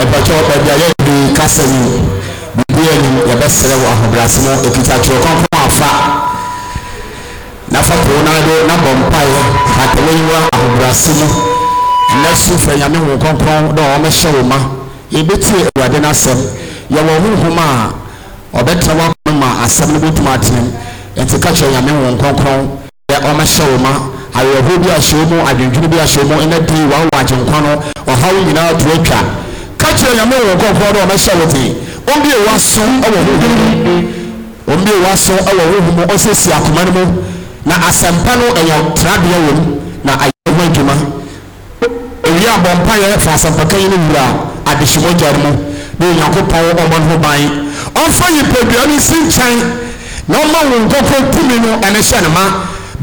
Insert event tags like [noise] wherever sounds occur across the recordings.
mepɛtɔ ɔde ayɛ bebree kasa mu bibi anim yɛbɛsrɛ wɔ ahobrɛase mu ekita twerɛkɔnkɔn afa nafa pɔw n'ado n'abɔ mpaeɛ atawe yi wɔ ahobrɛase mu nɛso fɛ nyame ho kɔnkɔn dɛ wɔn hyɛ wɔn ma yɛbɛtie awurade n'asɛm yɛwɔ huhum a ɔbɛtena wɔn akɔnɔ ma asɛm no bi tuma atena mu nti kakyɛ nyame ho kɔnkɔn yɛ wɔn hyɛ wɔn ma awerɛhoɔ bi ahyɛ wɔn mu adwendwene bi ahyɛ wɔn mu ɛnɛ dii wɔn wɔ agyenkwa no ɔhaw nyinaa to atwa kakyere nyame wɔ nkɔfoɔ no ɔmɛhyɛ wo den ombie waso ɛwɔ honhom mu ombie waso ɛwɔ honhom mu ɔsiesie akoma no mu na asɛmpa no ɛyɛ tradeɛ wɔ mu na ayɛ ho adwuma ewi abɔ mpaeɛ fa asɛmpakan no wura adehyemogya no mu na onyankopɔn ɔmɔ no ho ban ɔmfa yipadua no si nkyɛn na ɔma wo nkɔkɔ tumi no ɛne hyɛ ne ma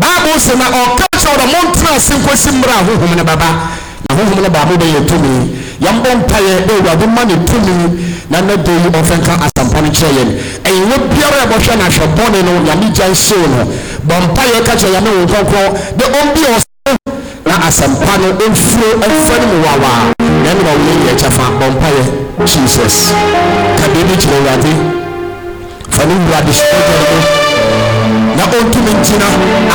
baabu sɛ na ɔka kyerɛ wo na montena ase nkɔsi mmerɛ a honhom no bɛba na honhom no baabo bɛyɛ tumi yɛmbɔ mpaeɛ dɛ awurade ma ne tumi na ne e de yi ɔmfɛnka asampa no kyerɛ yɛn ɛnyɛ biara ɛbɔhwɛ no ahwɛ bɔne no nyame gya nsew no bɔ mpaeɛ ka kyerɛ yɛne wo nkɔnkɔn de ɔmbi ɔsɛ na asampa no ɛmfuro ɛmfa no mu wawaa na ɛne wawo yɛyɛ kyɛ fa bɔ mpaeɛ jesus ka biribi kyerɛ awurade fa ne wura de hyɛ na ɔntumi ngyina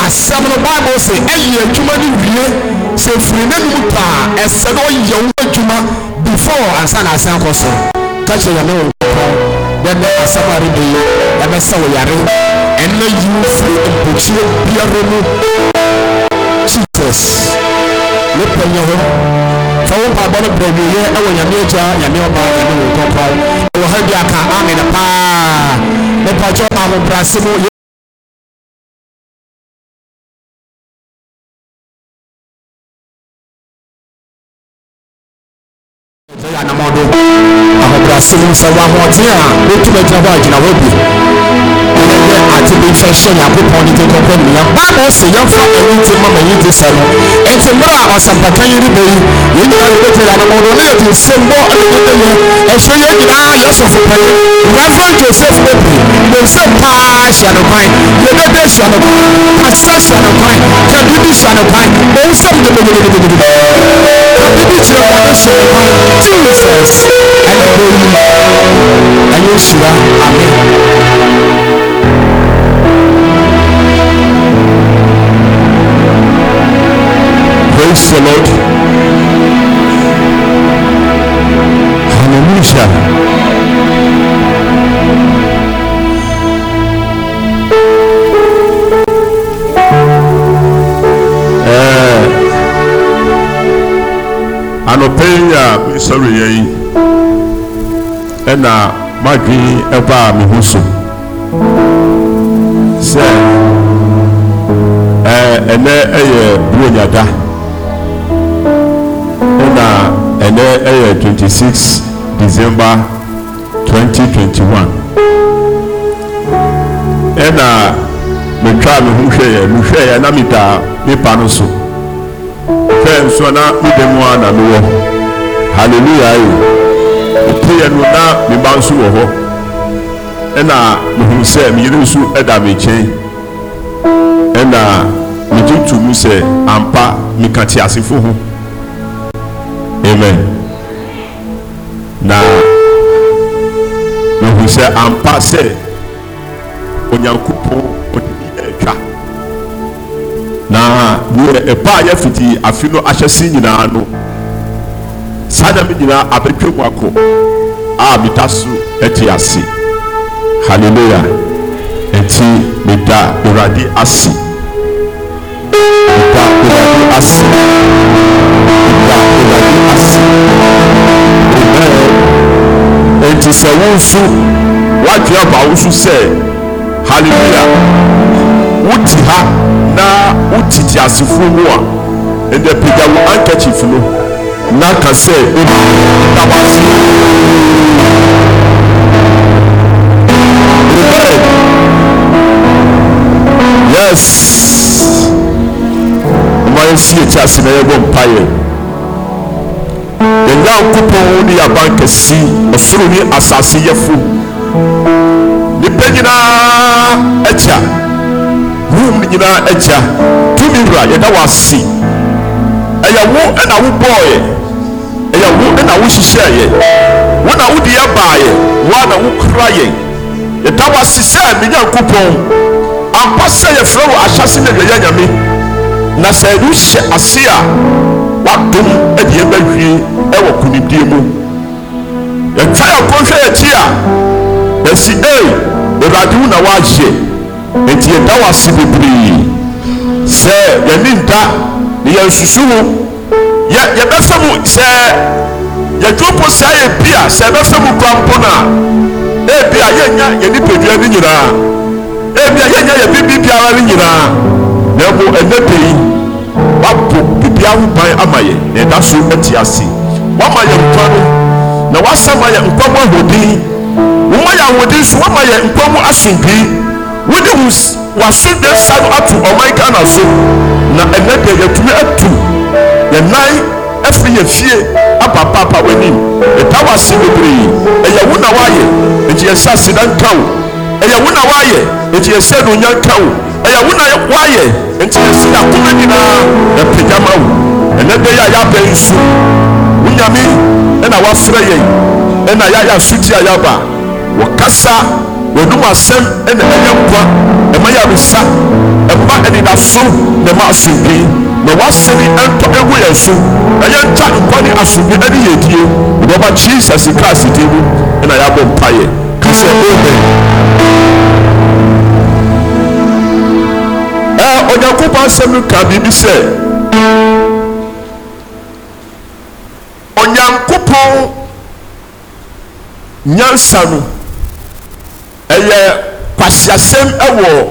asɛm no bible sɛ ɛyɛ adwuma no wie sɛ firi n'anim paa ɛsɛ na ɔyɛ wo adwuma before ansa na asan kɔ so ka yɛne wo nkɔpɔn dɛnɛ asɛm a rede yi ɛbɛsɛ wo yare ɛnna yi wo firi mpɔkyerɛ biara mu jesus ne pɛnyɛ hɔ fa wo mpaabɔ no brɛ wieyɛ ɛwɔ nyame agya nyame ɔbaa nyame wo nkɔpɔn ɛwɔ ha bi aka amene paa mepakyɛ ahobrɛase mu silimsɛ wɔ ahoɔden a wotumi gyina hɔ agyina hɔ bi ɛyɛ ate bi nfa nyankopɔn ne nyankopɔn nua baabul sɛ yɛmfa ɛyi ti ma yi ti sɛ no nti mmerɛ a ɔsampaka yi reba yi yɛn nyinaa yɛ bɛtɛ yɛ anamɔdɔ ne yɛ ti bɔ ɛyɛ yɛ ɛhwɛ yɛn nyinaa yɛ sɔfo panyin joseph obi. wɔn sɛ paa hyɛ no kwan yɛbɛbɛ hyɛ asa hyɛ no kwan kabibi hyɛ no kwan wɔn sɛ gbɛgbɛgbɛgbɛgbɛgbɛ kabibi kyerɛ wɔn hyɛ no kwan jesus ɛna wɔyi ɛyɛ hyira Praise the Lord. Hallelujah. anɔpɛn a mesɔreyɛ yi ɛna madwene ɛbaa me ho so sɛ ɛnɛ ɛyɛ buonyada ɛna ɛnɛ ɛyɛ 26 december 2021 ɛna na me ho hwɛeɛ mehwɛeɛ na medaa me pa no so bɛyɛ nsuo na mede mu a na mewɔ halleluya yi ɛteyɛ no na me ba nso wɔ hɔ ɛna mehunu sɛ meyere nso ɛda me nkyɛn ɛna megye to mu sɛ ampa meka te asefo ho amen na mehunu sɛ ampa sɛ onyankopɔn deɛ ɛba a yɛfiti afi no ahyɛ se nyinaa no saa nneɛma nyinaa abɛtwa mu akɔ a meda so ɛte ase hallelujah ɛti meda awurade ase meda awurade ase meda awurade ase amen ɛnti sɛ wo nso wadua ba wo nso sɛ hallelujah ha na wotete asefoɔ mu a ɛnna apagya wo handkerchief no na ka sɛ ɛmu na wase yes ɔma yɛsi akyi ase na yɛbɔ mpaeɛ yɛnyankopɔn ne yɛaban kɛse ɔsoro ne asase yɛfo nipa nyinaa akya honhom ne nyinaa agya tumi wura yɛda wɔ ase ɛyɛ wo na wobɔɔyɛ ɛyɛ wo na wohyehyɛeɛ wo na wode yɛ baayɛ woa na wokura yɛn yɛda wɔ ase sɛ me nyankopɔn ampa sɛ yɛfrɛ wo ahyɛse ne awiayɛ nyame na sɛ ɛne ase a woadom ade yɛbɛwie ɛwɔ konimdie mu yɛtwa yɛkɔ hwɛ yɛkyi a bɛsi ei awurade wo na woahyɛ nti yɛda wɔ ase bebree sɛ yɛne nda ne yɛnsusu ho yɛ yɛbɛfɛ mu sɛ yɛdwompo saa yɛ bi a sɛ yɛbɛfɛ mu kora mpo no e a ebi e a yɛnya yɛ nipadua no nyinaa ebi a yɛnya yɛ biara no nyinaa na ɛmo ɛnɛ pɛ yi wabɔ bibi aho ama yɛ na ɛda so ɛte ase wama yɛ nkwa no na wasama yɛ nkwa mu ahoɔden wɔma yɛ ahoɔden so wama yɛ nkwa mu asomdwee wode wase deɛ sa no ato ɔman ghana so na ɛnɛ deɛ yɛtumi atu yɛnan afiri yɛ fie apapaapa w'anim ɛda wase bebree ɛyɛ wo na woayɛ enti yɛsɛ aseda nka wo ɛyɛ wo na woayɛ enti yɛsɛ anonya nka wo ɛyɛ wo na woayɛ enti yɛsɛ akoma nyinaa ɛpagya ma wo ɛnɛ deɛ yɛ a yɛaba nsu wonyame ɛna woafrɛ yɛn ɛna yɛayɛ asoti a yɛaba wɔkasa wɔnum asɛm ɛna ɛyɛ mpoa ɛma yɛ abisa ɛma ɛdeda so na ɛma asomdwe na wɔasɛm ɛntɔ ɛgu yɛn so ɛyɛ nta nkwa ne asomdwe ɛne yɛ die wɔbɛba jesus christ din mu ɛna yɛabɔ mpaeɛ ka sɛ amen ɛɛ onyankopɔn asɛm no ka biribi sɛ onyankopɔn nyansa no ɛyɛ kwasiasɛm ɛwɔ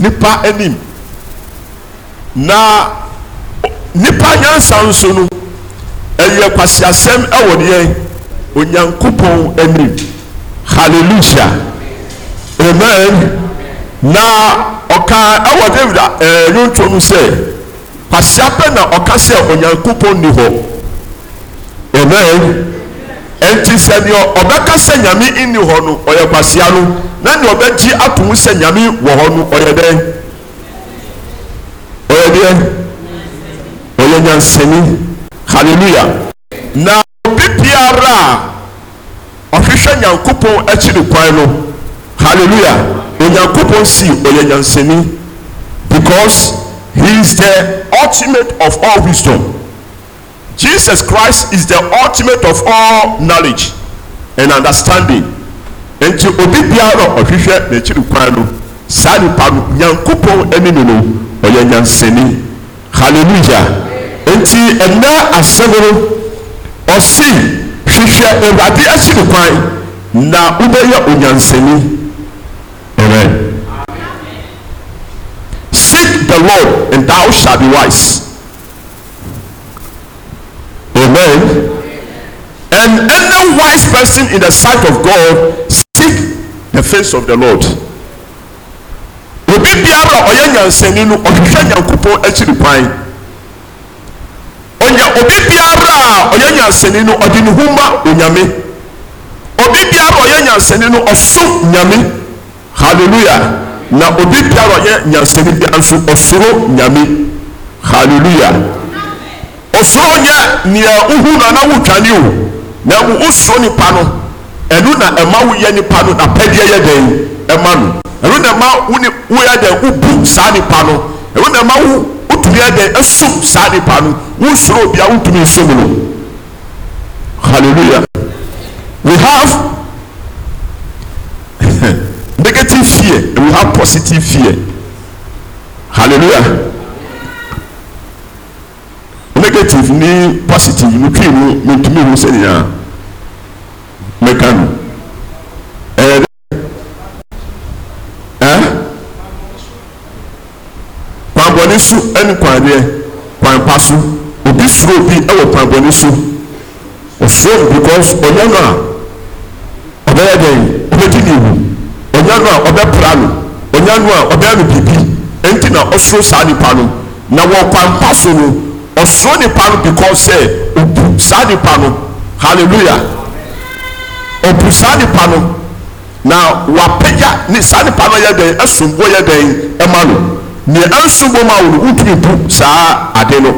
nipa anim na nipa nyansa nso no ɛyɛ kwasiasɛm ɛwɔ deɛ onyankopɔn anim hallelujah amen na ɔka ɛwɔ david ɛɛ yonto no sɛ kwasia na ɔka sɛ onyankopɔn ni hɔ amen. ɛnti sɛ deɛ ɔbɛka sɛ nyame nni hɔ no ɔyɛ kwasia no na deɛ ɔbɛgye ato mu sɛ nyame wɔ hɔ no ɔyɛ dɛn ɔyɛ deɛ ɔyɛ nyansani hallelujah na obi biara a ɔhwehwɛ nyankopɔn akyiri kwan no hallelujah onyankopɔn si ɔyɛ nyansani because he is the ultimate of all wisdom. Jesus Christ is the ultimate of all knowledge and understanding nti obi biara ɔhwehwɛ n'akyiri kwan no saa nipa no nyankopɔn anim no ɔyɛ nyansani hallelujah nti ɛnna asɛm no ɔsi hwehwɛ awurade akyiri kwan na wobɛyɛ onyansani amen seek the lord and thou shalt be wise. Amen. And any wise person in the sight of God seek the face of the Lord. Obi biara ɔyɛ nyansani no ɔhwehwɛ nyankopɔn akyiri kwan. Ɔnya obi biara a ɔyɛ nyansani no ɔde ne ho ma onyame. Obi biara ɔyɛ nyansani no ɔso nyame. Hallelujah. Na obi biara ɔyɛ nyansani biara nso ɔsoro nyame. Hallelujah. ɔsoro nye nea uhu na na wotwane o na mu wosoro nipa no enu na ɛma woyɛ nipa no n'apɛdeɛ yɛ dɛn ɛma no enu na ɛma wone woyɛ dɛn wobu saa nipa no enu na ɛma wo wotumi yɛ dɛn esum saa nipa no wosoro bia wotumi nsum no hallelujah we have [laughs] negative fear and we have positive fear hallelujah. negative ni positive ni twi mu mentumi hu sɛ nyinaa meka no ɛyɛ dɛ ɛ kwanbɔne so ɛne kwaneɛ kwanpa so obi na ɔsuro saa nipa no na wɔ so no. ɔsoro nipa no because sɛ obu saa nipa no hallelujah obu saa nipa no na wapagya ne saa nipa no yɛ dɛn ɛsombo yɛ dɛn ɛma no nea ɛnsombo ma wo no wotumi bu saa ade no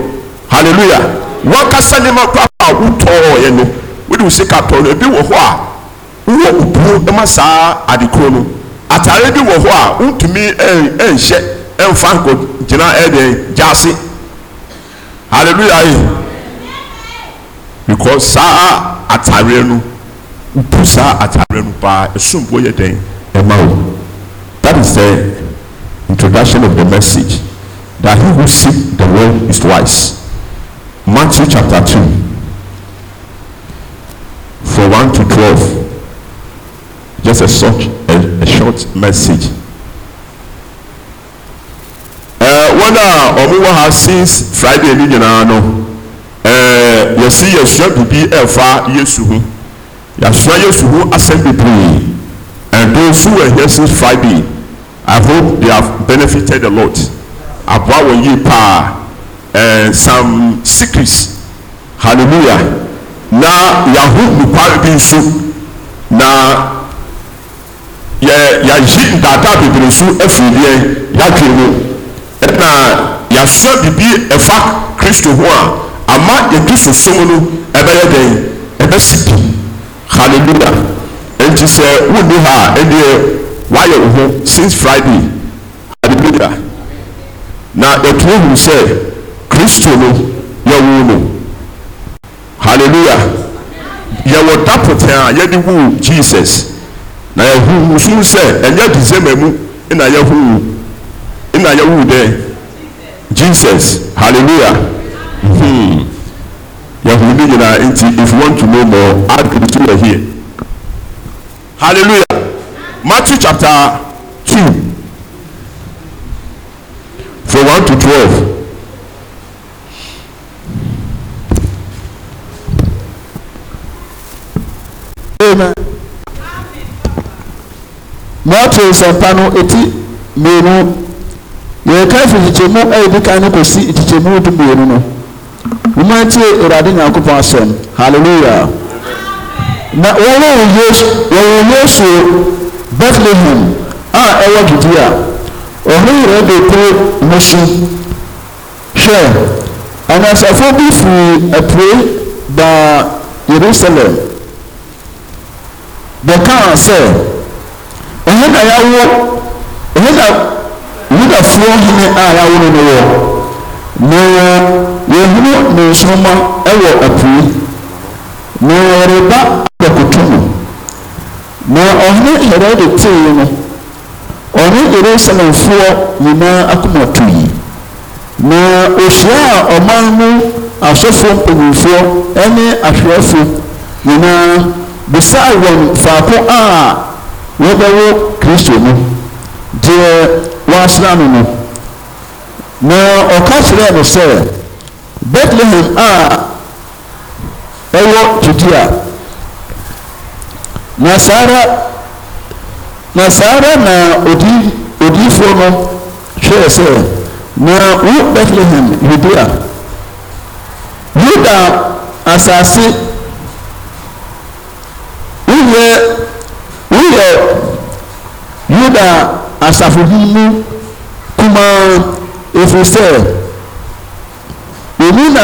hallelujah wankasa nneɛma kora a wotɔɔyɛ no wode wo sika tɔ no ebi wɔ hɔ a wowɔ obuo ɛma saa adekuro no atare bi wɔ hɔ a wotumi ɛnhyɛ ɛnfa nkɔ gyina ɛdɛn gyaase. hallelujah eh? because saa atareɛ no upu saa atareɛ no paa yɛ den ɛma o that is the introduction of the message that he who seek the world is wise Matthew chapter two from one to twelve just a short a, a short message wɔn a wɔwɔ ha since friday ne nyinaa no ɛɛ eh, yɛsi yɛsua biribi ɛɛfa yesu ho yɛasua yesu ho asɛm bebree and those who were here since friday i hope they have benefited a lot aboa wɔn yie paa ɛɛ eh, some secrets hallelujah na yahu nukwari bi nso na yɛ yɛayi daadaa bebree nso afiri deɛ yɛadwiri mu. ɛna yasua bibi ɛfa kristo ho a ama yɛdi sosom no ɛbɛyɛ dɛn ɛbɛsi bi hallelujah nti sɛ wonni ha a ɛdeɛ wayɛ wo ho since friday hallelujah na yɛtumi hu sɛ kristo no yɛwo no hallelujah yɛwɔ dapɔtɛn a yɛde woo jesus na yɛhuhu so sɛ ɛnyɛ december mu na yɛhuhu nna ya wu dɛ jesus hallelujah hmm yahudi nyinaa nti if you want to know more add the two here hallelujah matthew chapter two from one to twelve. Amen. Matthew sọ̀tanu etí mìíràn. yɛreka fi nkyekyɛmu a yɛdi kan no kɔsi nkyekyɛmu du mmienu no wɔn atie awurade nyankopɔn asɛm hallelujah na wɔwɔ wɔwɔ yesuo bethlehem a ɛwɔ judea ɔho yɛrɛ de kuro mmosu hwɛ anasafo bi firi apue baa yerusalem bɛkaa sɛ ɔho na yɛawo ɔho na yudafoɔ hene a yɛawono no wɔ na yɛhunu ne nsoroma wɔ apue na yɛreba abɛkoto no na ɔhene herode tee no ɔne yerusalemfoɔ nyinaa akoma to yi na ohyiaa ɔman mu asɔfoɔ mpanyinfoɔ ne ahwerɛfo nyinaa bisaa wɔn faako a wɔbɛwɔ kristo mu deɛ wɔasena no no na ɔka kyerɛɛ no sɛ bethlehem a ɛwɔ judea na saa ara na saa ara na odi odiifoɔ no hwɛɛ sɛ na wo bethlehem judea yuda asase woyɛ woyɛ yuda asafohunmu kuma efiri sɛ emi na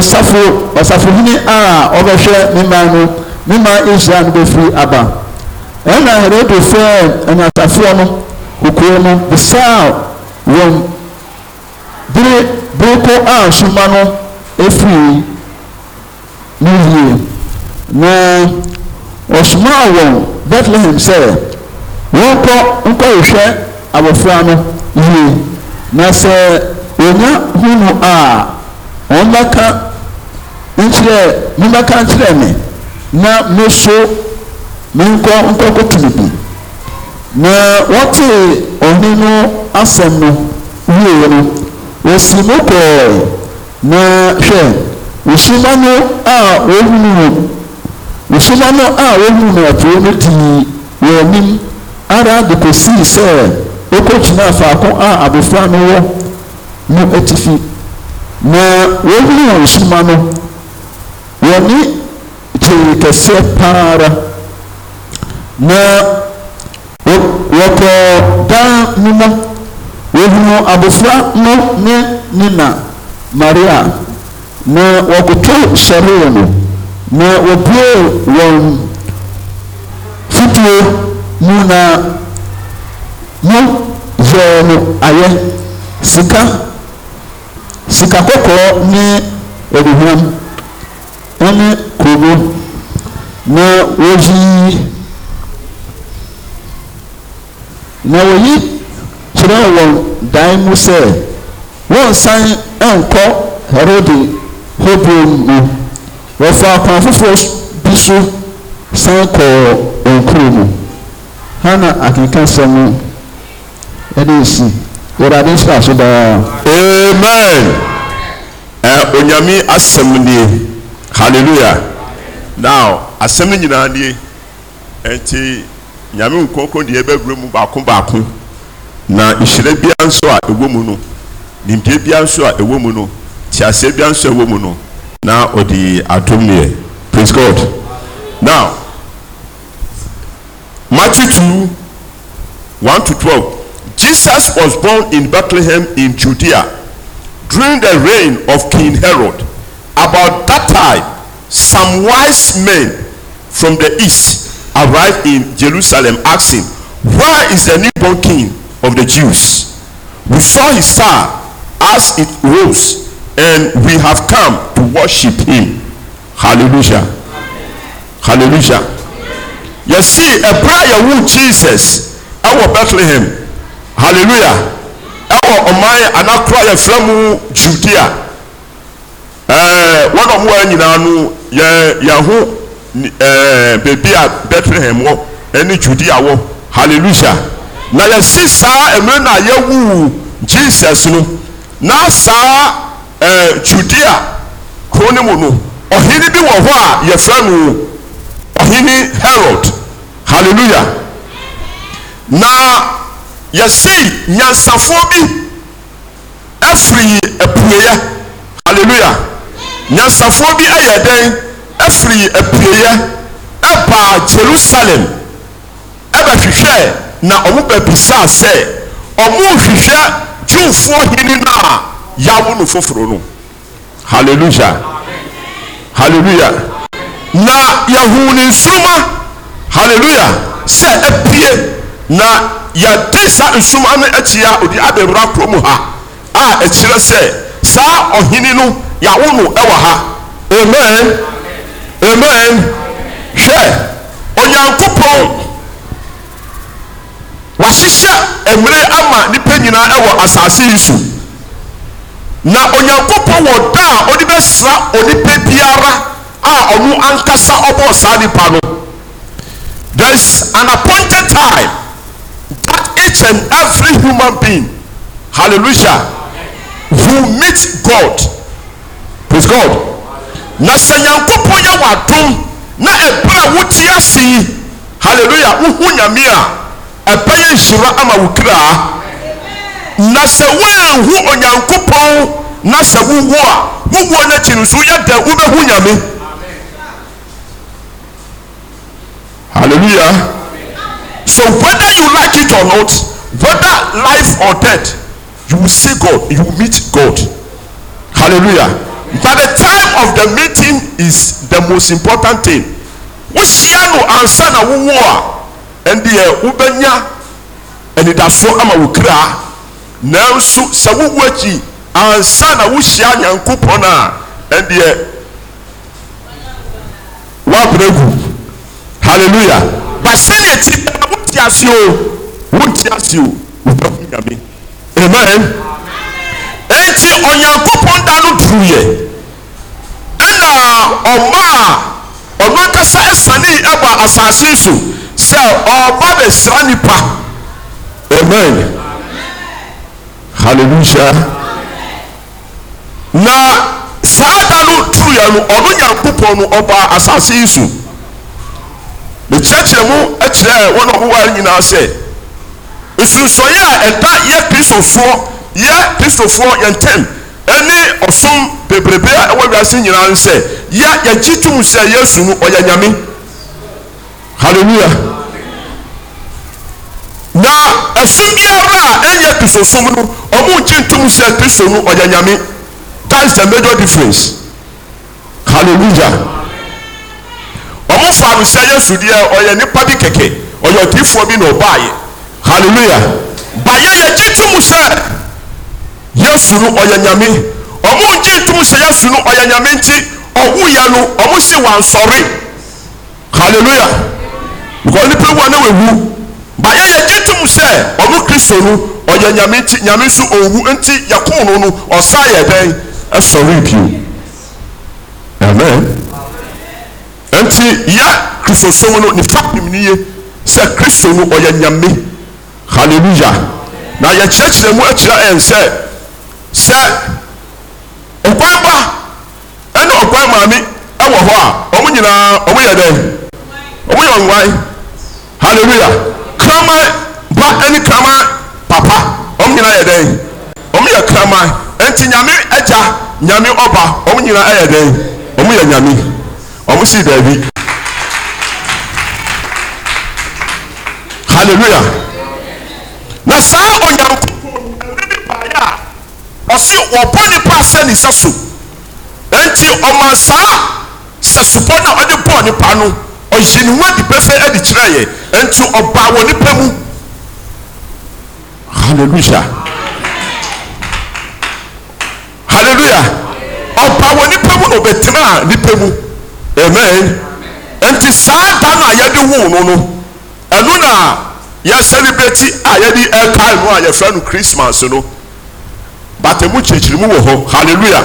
ɔsafo ɔsafohunni a ɔbɛhwɛ mmaa no mmaa israel no bɛfiri aba ɛna herodo fɛ ɛnasafoɔ no kokoe no bisaa wɔn bere bereko a suma no efiri ne yie na. ɔsoma wɔn bethlehem sɛ wɔnkɔ nkɔhwehwɛ abɔfra no yie na sɛ onya hunu a ɔmbɛka nkyerɛ mombɛka nkyerɛ me na meso menkɔ nkɔkoto no bi na wɔtee ɔhene no asɛm no yie no wɔsi mu kɔɔ na hwɛ wɔhyima no a wɔhunu no mfuma no a wɔwu no apuo no dii wɔn anim ara de kɔsii sɛ wɔkɔgyina faako a abɔfra no wɔ no atifi na wɔhunu wɔn suma no wɔne gyee kɛseɛ paa ara na wɔkɔɔ dan no mu wɔhunu abɔfra no ne ne na maria na wɔkoto sɔree no na wɔpue wɔn futuo mu na mu yɛɛ no ayɛ sika sika kɔkɔɔ ne ɔduhwam ɛne kurobo na wɔyi na wɔyi kyerɛ wɔn dan mu sɛ wɔn san ɛnkɔ herode hebron mu wɔfa kwan foforɔ bi so san kɔɔ wɔn kurom hana akekasɛm ɛde esi wɔrade nhyira so daa. amen ɛ onyami asɛm nie hallelujah now asɛm nyinaa nie ɛnti nyame nkonko deɛ ɛbɛwura mu baako baako na nhyira biara nso a ɛwɔ mu no nimdeɛ biara nso a ɛwɔ mu no tiaseɛ biara nso a ɛwɔ mu no. Now, O the yɛ praise god now matthew two one to twelve jesus was born in bethlehem in judea during the reign of king herod about that time some wise men from the east arrived in jerusalem asking where is the newborn king of the jews we saw his star as it rose and we have come to worship him hallelujah hallelujah yɛsi ɛpra yɛwu jesus ɛwɔ bethlehem hallelujah ɛwɔ ɔman anakora yɛfrɛ mu judea ɛɛ wɔn a wɔn nyinaa no yɛ yɛho ɛɛ beebi a bethlehem wɔ ɛne judea wɔ hallelujah na yɛsi saa ɛmɛ na yɛwu jesus no na saa. Eh, judea kuro ne mu no ɔhene bi wɔ hɔ a yɛfrɛ no ɔhene herod hallelujah na yɛsi nyansafoɔ bi ɛfiri apueyɛ hallelujah nyansafoɔ bi ɛyɛ dɛn ɛfiri apueyɛ ɛbaa jerusalem ɛbɛhwehwɛ na ɔmo bɛbisaa sɛ ɔmo hwehwɛ jewfoɔ hene yawo no foforɔ no hallelujah hallelujah na yɛhu ne nsoroma hallelujah sɛ apue na yɛde saa nsoroma no akyi a ɔde abɛwura kuro mu ha a ɛkyerɛ sɛ saa ɔhene no yawo no ɛwɔ ha amen amen hwɛ onyankopɔn wahyehyɛ mmerɛ ama nipa nyinaa ɛwɔ asase yi so na onyankopɔn wɔ da a ɔde bɛsra onipa biara a ɔno ankasa ɔbɔ saa nipa no there is an appointed time that each and every human being hallelujah will meet god praise god na sɛ nyankopɔn yɛ wadom na ɛberɛ a wote ase yi hallelujah wohu nyame a ɛbɛyɛ nhyira ama wo kraa na sɛ woanhu onyankopɔn na sɛ wowu a wowuo no akyi nso yɛ dɛ wobɛhu nyame hallelujah so whether you like it or not whether life or death you will see god you will meet god hallelujah but the time of the meeting is the most important thing wohyia no ansa na wowu a ɛndeɛ wobɛnya anidasoɔ ama wo kraa nanso sɛ wowu akyi ansa na wohyia nyankopɔn a ɛndeɛ woabrɛ gu halleluya ba sɛne ti bɛa wonte ase o wonte ase o wobɛhu nyame amen enti ɔnyankopɔn da no duruyɛ ɛna ɔma a ɔno ankasa ɛsane ɛba asase so sɛ ɔba bɛsra nipa amen halleluya na saa da no turuiɛ no ɔno nyankopɔn no ɔbaa asase yi so mekyerɛkyerɛ mu akyerɛɛ wɔn a wɔwɔ nyinaa sɛ nsunsɔeɛ a ɛda yɛ kristofoɔ yɛ kristofoɔ yɛn ntɛm ɛne ɔsom bebrebe a ɛwɔ wiase nyinaa no sɛ yɛ yɛgye tum sɛ yesu no ɔyɛ nyame halleluya na ɛsi biara a ɛyɛ kristosom no ɔmo nkyi ntum sɛ kristo no ɔyɛ nyame that is the major difference hallelujah ɔmo farisia yɛ sudeɛ ɔyɛ nipa bi kɛkɛ ɔyɛ ɔtifoɔ bi na ɔbaayɛ hallelujah bayɛ yɛ gye tum sɛ yɛsu no ɔyɛ nyame ɔmo nkyi ntum sɛ yɛsu no ɔyɛ nyame nti ɔwuyɛ no ɔmo si wansɔre hallelujah nkɔnipa wu a na wewu. bàyẹ̀ yẹ gye tum kristo nu ọyẹ nyame nti nyame nso owu nti yẹ kún no no ọsa yẹ dẹn ẹsọrọ o amen nti ya kristo som no nifa nim ni yẹ kristo hallelujah na yẹ kyerɛkyerɛ mu akyerɛ e ɛn sɛ sɛ ɔkwan ba ɛne ɔkwan maame hɔ a nyinaa hallelujah. kraman ba ne kraman papa wɔn nyinaa yɛ dɛn wɔn yɛ kraman nti nyame agya nyame ɔba wɔn nyinaa yɛ dɛn wɔn yɛ nyame wɔn si daabi hallelujah na saa onyanko ɔsi wɔbɔ nipa sɛ ne sa so nti ɔma saa sasopɔ na ɔde bɔɔ nipa no ɔyɛ ne ho adi pɛfɛ adi kyerɛ ayɛ nti ɔbaa wɔ nipa mu hallelujah hallelujah ɔbaa wɔ nipa mu na ɔbɛtena nipa mu amen nti saa da na yɛde wo no no ɛno na yɛ celebrate a yɛde ɛkae no a yɛfrɛ no christmas no batemu kyekyere mu wɔ hɔ hallelujah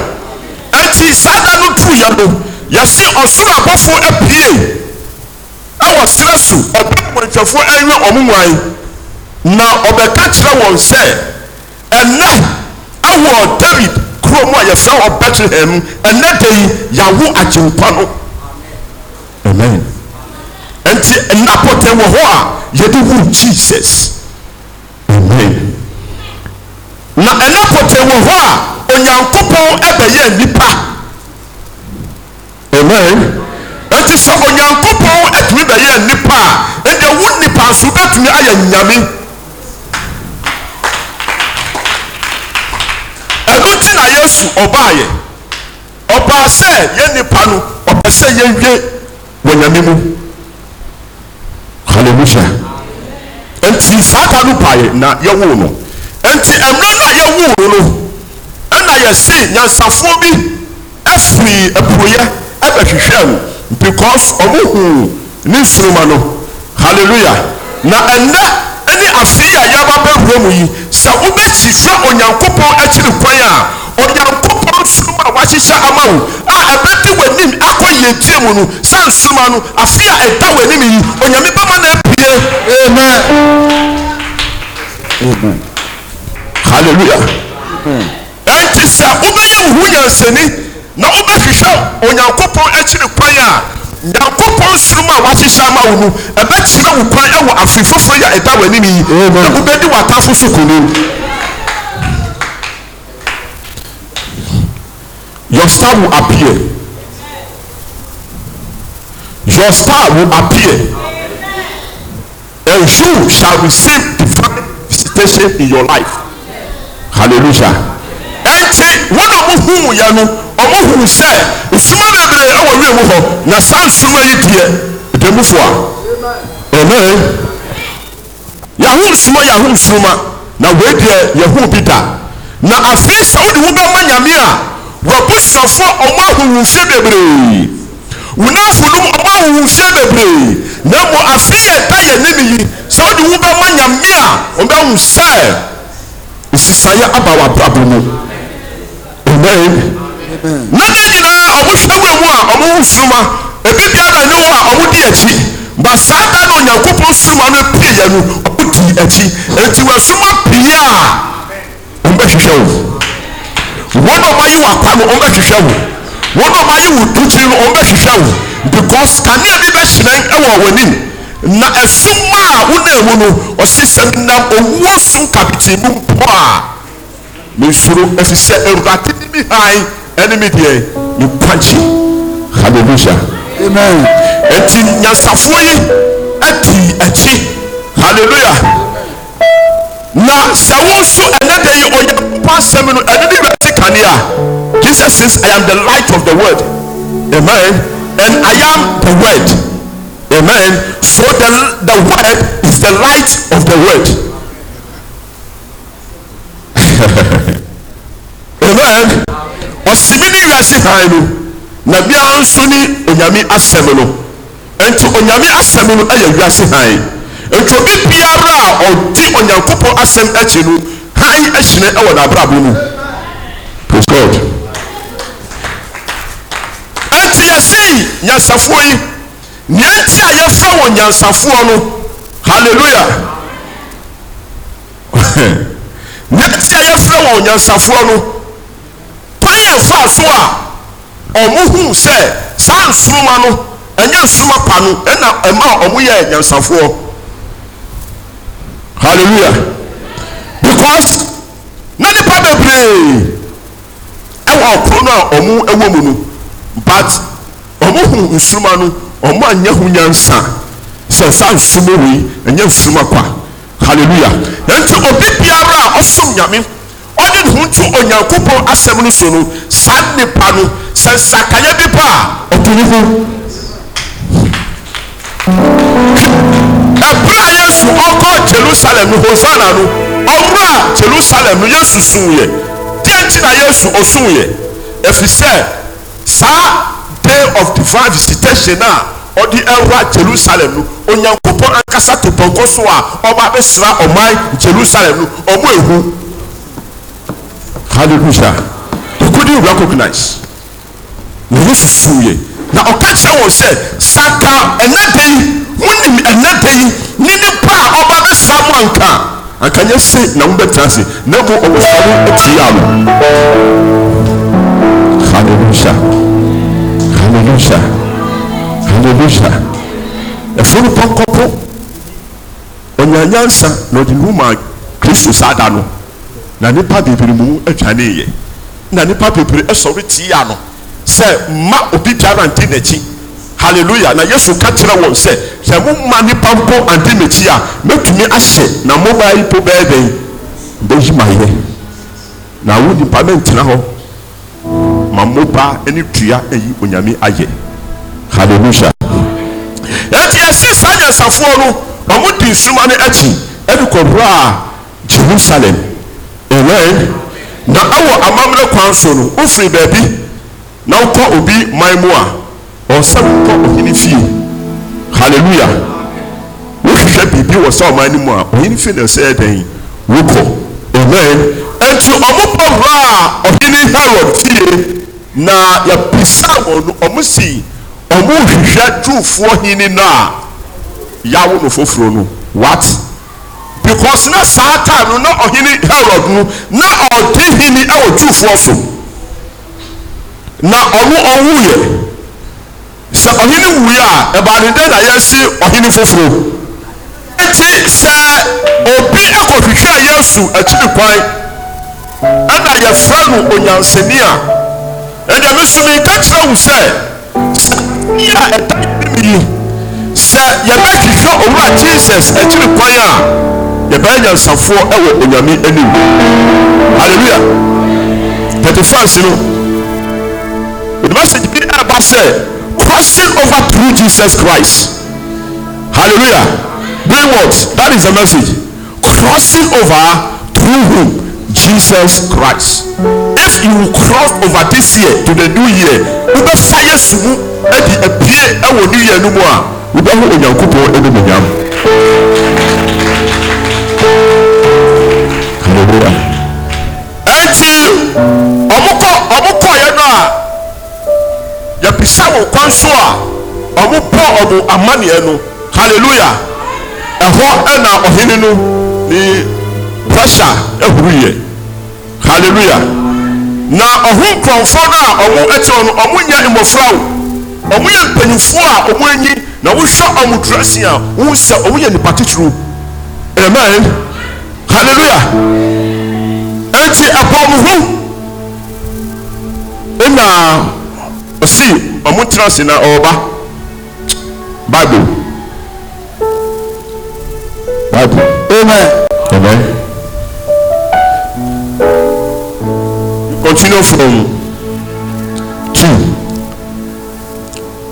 nti saa da no tu yɛ no yɛsi ɔsoro abɔfo apue ɛwɔ serɛ so ɔbɛ mmɔntwafoɔ ɛnyɛ ɔmo nwan na ɔbɛka kyerɛ wɔn sɛ ɛnɛ ɛwɔ david kuro mu a yɛfrɛ wɔ bethlehem ɛnɛ da yi yɛawo agyenkwa no amen nti nnapɔtɛ wɔ hɔ a yɛde wu jesus amen na ɛnapɔtɛ wɔ hɔ a onyankopɔn ɛbɛyɛ nipa amen. amen. eti sɛ onyankopɔn etumi bɛyɛ nipa a ɛdi ɛwu nipa nso bɛtumi ayɛ nyame ɛnu ti na yesu ɔbaa yɛ ɔbaa sɛ yɛ nipa no ɔbɛ sɛ yɛnwie wɔ nyame mu hallelujah nti saa ta no paa yɛ na yɛwoo no nti mmerɛ na a yɛwoo no no ɛna yɛse nyansafoɔ bi afiri apuroyɛ ɛbɛhwehwɛ wo because ọ bụ ne no hallelujah na ɛnɛ na afe a yaba bɛhura mu yi sɛ wobɛkyi hwɛ onyankopɔn akyiri kwan a onyankopɔn nsoroma a ama wo a ɛbɛdi w'anim akɔ yɛdie mu no nsoroma no a yi na amen hallelujah na wobɛhwehwɛ onyankopɔn akyiri kwan a nyankopɔn sorom a wahyehyɛ ama wo no ɛbɛkyerɛ wo kwan ɛwɔ afe foforɔ yɛ ɛda w'anim yi na wobɛdi w'atafo so konim your star will appear your star will appear and you shall receive divine visitation in your life hallelujah ẹ ti wọn náà mo hu yẹn no ɔmo hu sɛ nsuma bebree ɛwɔ wiem hɔ na saa nsuma yi deɛ ɛdɛmufo a amen yahu nsuma yahu nsuma na wei deɛ yahu bi da na afei sɛ wode wo bɛma nyame a wabusafo ɔmo ahuhunhyɛ bebree wunafunum ɔmo ahuhunhyɛ bebree na mo afei yɛ da yɛ ne ne yi sɛ wode wo bɛma nyame a ɔbɛhu sɛ nsisaeɛ aba wɔ abrabɔ mu amen. amen. na ne nyinaa ɔmohwɛ wɔ mu a ɔmo ho suma ebi biara ne a ɔmo di akyi ba saa da na onyankopɔn suma no apue yɛ no ɔmo di akyi eti wɔasuma pii a ɔmo bɛhwehwɛ wo wɔn a ɔmo ayi wɔ akwa no ɔmo bɛhwehwɛ wo wɔn a ɔmo ayi wɔ tukyi no ɔmo bɛhwehwɛ wo because kanea bi bɛhyerɛn ɛwɔ wɔn anim na esuma a wona emu no ɔsi sɛ nam owuo so kapiti mu mpɔ a mesuro efisɛ ewurade ni mi enemy deɛ you punch him hallelujah amen eti nyansafoɔ yi eti akyi hallelujah na sɛ wɔn nso ɛnɛ de yi ɔyɛ mpa asɛm no ɛne ne wura ti kanea jesus says i am the light of the world amen and i am the word amen so the the word is the light of the world [laughs] amen. ɔsimi ne wiase han no na biara nso ne onyame asɛm no nti onyame asɛm no ɛyɛ wiase han nti obi biara a ɔdi onyankopɔn asɛm akyi no han ahyina ɛwɔ n'abrabɔ mu praise god nti yɛsi nyansafoɔ yi nea nti a yɛfa wɔ nyansafoɔ no hallelujah [laughs] nea nti a yɛfrɛ wɔ nyansafoɔ no. ɛfa so a ɔmo sɛ saa nsoroma no ɛnyɛ nsoroma pa no ɛna ɛma ɔmo yɛ nyansafoɔ hallelujah because na nipa bebree ɛwɔ ɔkoro no a ɔmo ɛwɔ mu no but ɔmo nsoroma no ɔmo anya hu nyansa sɛ saa nsoroma wei ɛnyɛ nsoroma obi biara a ɔsom nyame. ɔde ne ho tu onyankopɔn asɛm no so no saa nipa no sɛ nsakaya bi pa a ɔto ne ho ɛberɛ jerusalem no hosana no ɔwura jerusalem no yesu sumyɛ deɛ nti na yesu ɔsumyɛ ɛfiri sɛ saa day of divine visitation a ɔde ɛwura jerusalem no onyankopɔn ankasa to pɔnkɔ so a ɔba abɛsra ɔman jerusalem no ɔmo ehu hallelujah he couldn't recognize na yesu sum yɛ na ɔka kyerɛ wɔn sɛ saka ɛnɛ de yi munim ɛnɛ de yi ne nipa a ɔba bɛ sa mu anka anka nyɛ se na mo bɛ tena ase na mo ɔwɔ sɔre etia mo hallelujah hallelujah hallelujah ɛfuru pɔnkɔpɔ ɔnyanyansa na ɔde mu ma kristu saa da no na nipa bebree mu atwane yɛ na nipa bebree ɛsɔre tii ano sɛ mma obi biara nti n'akyi hallelujah na yesu ka kyerɛ wɔn sɛ sɛ mo ma nipa mpo ante n'akyi a mɛtumi ahyɛ na mo ba yi po bɛɛ bɛn bɛyi ma yɛ na awo nipa bɛ ntena hɔ ma mo ba ne tua ayi onyame ayɛ hallelujah yɛte yɛsi saa nyansafoɔ no wɔn di nsuma no akyi ɛde kɔbrɔ a jerusalem. amen na awɔ amammerɛ kwan so no wofiri baabi na wokɔ obi man mu a ɔwɔ sɛ wokɔ fie halleluya wohwehwɛ biribi wɔ sɛ ɔman no mu a fie na ɛsɛ dɛn wokɔ amen ɛnti ɔmo bɔ hɔ a ɔhene herod fie na ya wɔn no ɔmo si ɔmo hwehwɛ no a yawo because na saa taa na ɔhene herod no na ɔde hene ɛwɔ tufoɔ so na ɔno ɔwuiɛ sɛ ɔhene wuiɛ a ɛbaade na yɛsi ɔhene foforɔ eti sɛ obi akyiri kwan ɛna yɛfrɛ no onyansani a so mi kyerɛ wo sɛ sɛ ɛda mi jesus akyiri kwan yɛbɛyɛ nyansafoɔ ɛwɔ onyame anim hallelujah thirty first no the message bi ɛba sɛ crossing over through jesus christ hallelujah bring what that is the message crossing over through whom jesus christ if you cross over this year to the new year wobɛfa yesu mu ɛde apie ɛwɔ new year no mu a wobɛho onyankopɔn anim onyam. ɔmo kɔ ɔmo kɔɔyɛ no a yɛpisa wo kwan so a ɔmo bɔ ɔmo amanneɛ no hallelujah ɛhɔ ɛna ɔhene no ne pressure hallelujah na ɔho nkurɔfoɔ no a ɔmo ɛkyɛ no ɔmo nyɛ mmɔfra o ɔmo yɛ mpanyinfoɔ a ɔmo na wohwɛ ɔmo dressing a amen hallelujah. eti ɛpɔm ho ɛna ɔsi ɔmo tena ase na ɔreba bible bible amen amen continue from two. The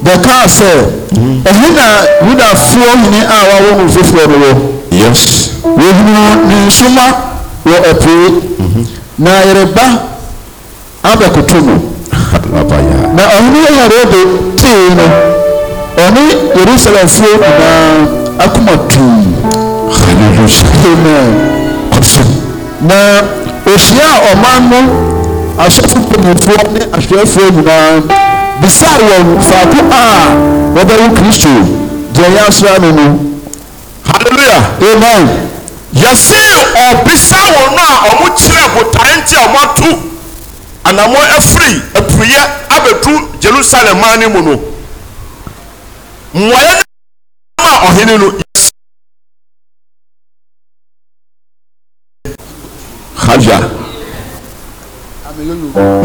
bɛkaa sɛ ɛhe na yudafoɔ hene a wawo no foforɔ no wɔ yes wɔhunu ne nsoma wɔ apuei na yɛreba abɛkoto mu na ɔhene herode tee no ɔne yerusalemfoɔ nyinaa akoma tum na ohyia ɔman no asɔfo mpanimfoɔ ne ahwɛfoɔ nyinaa bisaa wɔn faako a wɔbɛwo kristo deɛ yɛasra no no hallelujah amen yɛse ɔbisa wɔn no a ɔmo kyerɛ botae nti a ɔmo ato anamɔ afiri apuyɛ abɛdu jerusalem man no mu no mmuayɛ no ma ɔhene no havia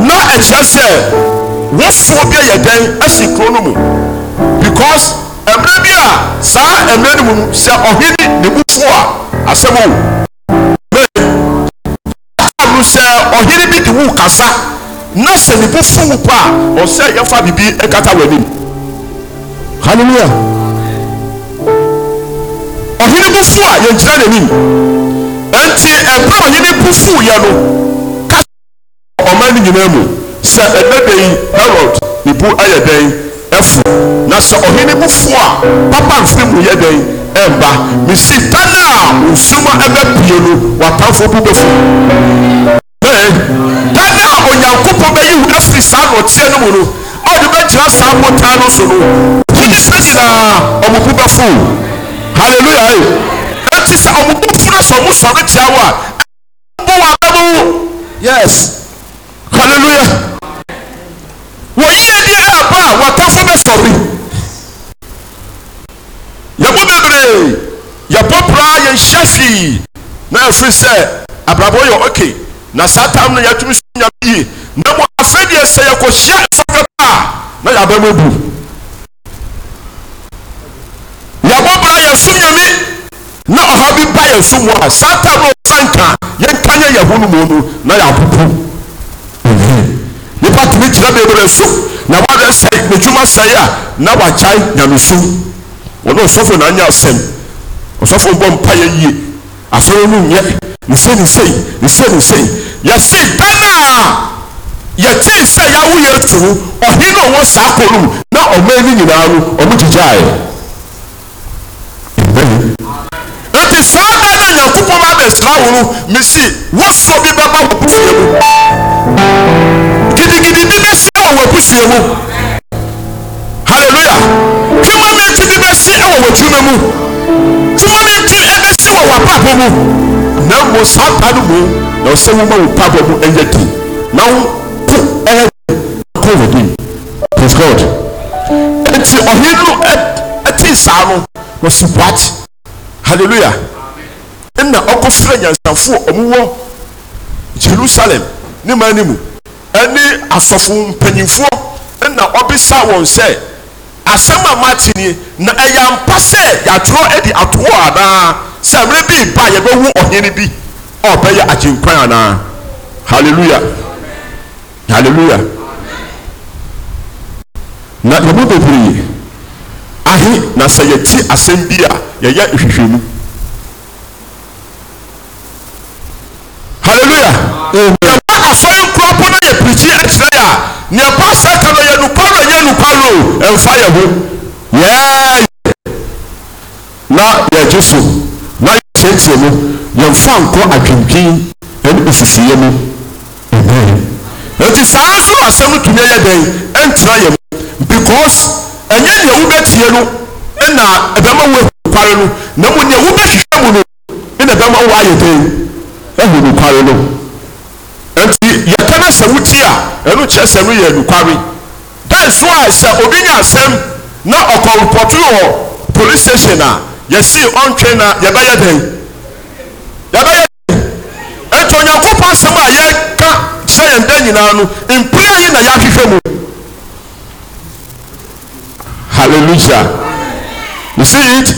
na ɛkyerɛ sɛ wofoɔ bi yɛ dɛn asi kuro no mu because mmerɛ bi a saa mmerɛ no mu no sɛ ɔhene ne bufuo a asɛm o no sɛ ɔhene bi de wo kasa na sɛ ne bufuo wo pa a ɔsɛ yɛfa biribi kata w'anim halleluya ɔhene bufuo a yɛngyina n'anim nti ɛberɛ ɔhene bufuo yɛ no kasa ɔman no nyinaa mu sɛ ɛnɛ dɛn ne bu ayɛ dɛn afu na sɛ ɔhene mu a papa nfiri mu yɛ dɛn ɛmba mesi tane a nsuma ɛbɛpie no watamfo bu bɛfu ee tane a onyankopɔn bɛyi wo afiri saa nɔteɛ no mu no ɔde bɛgyina saa botan no so no wonyina nyinaa ɔmo bu bɛfo halleluya e eh. ɛnti sɛ ɔmo bu funu sɛ ɔmo sɔre tia wo a ɛbo wa bɛbo yes halleluya wɔyie deɛ ɛɛba a wata sɔre yɛbo bebree yɛbɔ praa yɛnhyɛ hwee na ɛfiri sɛ abrabɔ yɛ ok na saa tam no yɛtumi so nyame yie na mo afei deɛ sɛ yɛkɔhyia mfakata a na yɛaba mu bu yɛbɔ bra yɛsom nyame na ɔhaw bi ba yɛn so mu a saa tam no ɔfa nka yɛnka nyɛ yɛho no mu no na yɛapopo ɛyɛ nipa tumi gyina bebree so na wabɛ sɛe ne dwuma sɛe a na wagyae nyamesu wɔne ɔsɔfo na anya asɛm ɔsɔfo bɔ mpa yɛ yie asɔre no nyɛ ne se ne sei ne se ne sei yɛse dan a yɛtee sɛ yɛawo yɛ atu no ɔhene a ɔwɔ saa kɔ no mu na ɔman no nyinaa no ɔmo gyigyaeɛ nti saa dan na nyankopɔn abɛsra wo no mesi wosɔ bi bɛba wo pufuo mu wɔ w'abusua mu hallelujah twuma ne nti bi bɛsi wɔ w'adwuma mu twuma ne nti ɛbɛsi wɔ w'apapɔ mu na mmom saa ta no mu na ɔsɛ wo ma wo papɔ mu ɛyɛ di na wo ko ɛyɛ di ko wɔ di praise god nti ɔhene no ɛte saa no wɔsi what hallelujah ɛnna ɔkɔ fira nyansafoɔ ɔmo wɔ jerusalem ne maa ne mu ɛne asɔfo mpanyinfoɔ na ɔbisa wɔn sɛ asɛm a mate nie na ɛyɛ ampa sɛ yɛatwerɛ adi ato hɔ anaa sɛ mmerɛ bi ba yɛbɛwu ɔhene bi a ɔbɛyɛ agyenkwan anaa hallelujah hallelujah na yɛbɔ bebree ahe na sɛ yɛti asɛm bi a yɛyɛ nhwehwɛmu hallelujah nea pastor ka no yɛ nuparo yɛ nuparo ɛnfa yɛ ho yɛɛyɛ na yɛgye so na yɛtietie mu yɛnfa nkɔ adwendwen ɛne osisiɛ mu ɛnɛɛ eti saa nso na asɛm tumi yɛ dɛn ɛntena yɛ mu because ɛnyɛ nea wobɛtie no ɛna ɛbɛma wo nuparo no na mu nea wobɛhwehwɛ mu no ɛna ɛbɛma wo ayɛ dɛn ɛhu nuparo no. ɛnu kyerɛ sɛ ɛnu yɛ nukwari then so a sɛ obi nya asɛm na ɔkɔ mpɔtu wɔ polisi station a yɛsi ɔntwe na yɛbɛyɛ dɛn yɛbɛyɛ dɛn etu onyankopɔ asɛm a yɛka kyerɛ yɛn dɛ nyinaa no mpire yi na yɛahwehwɛ mu hallelujah you see it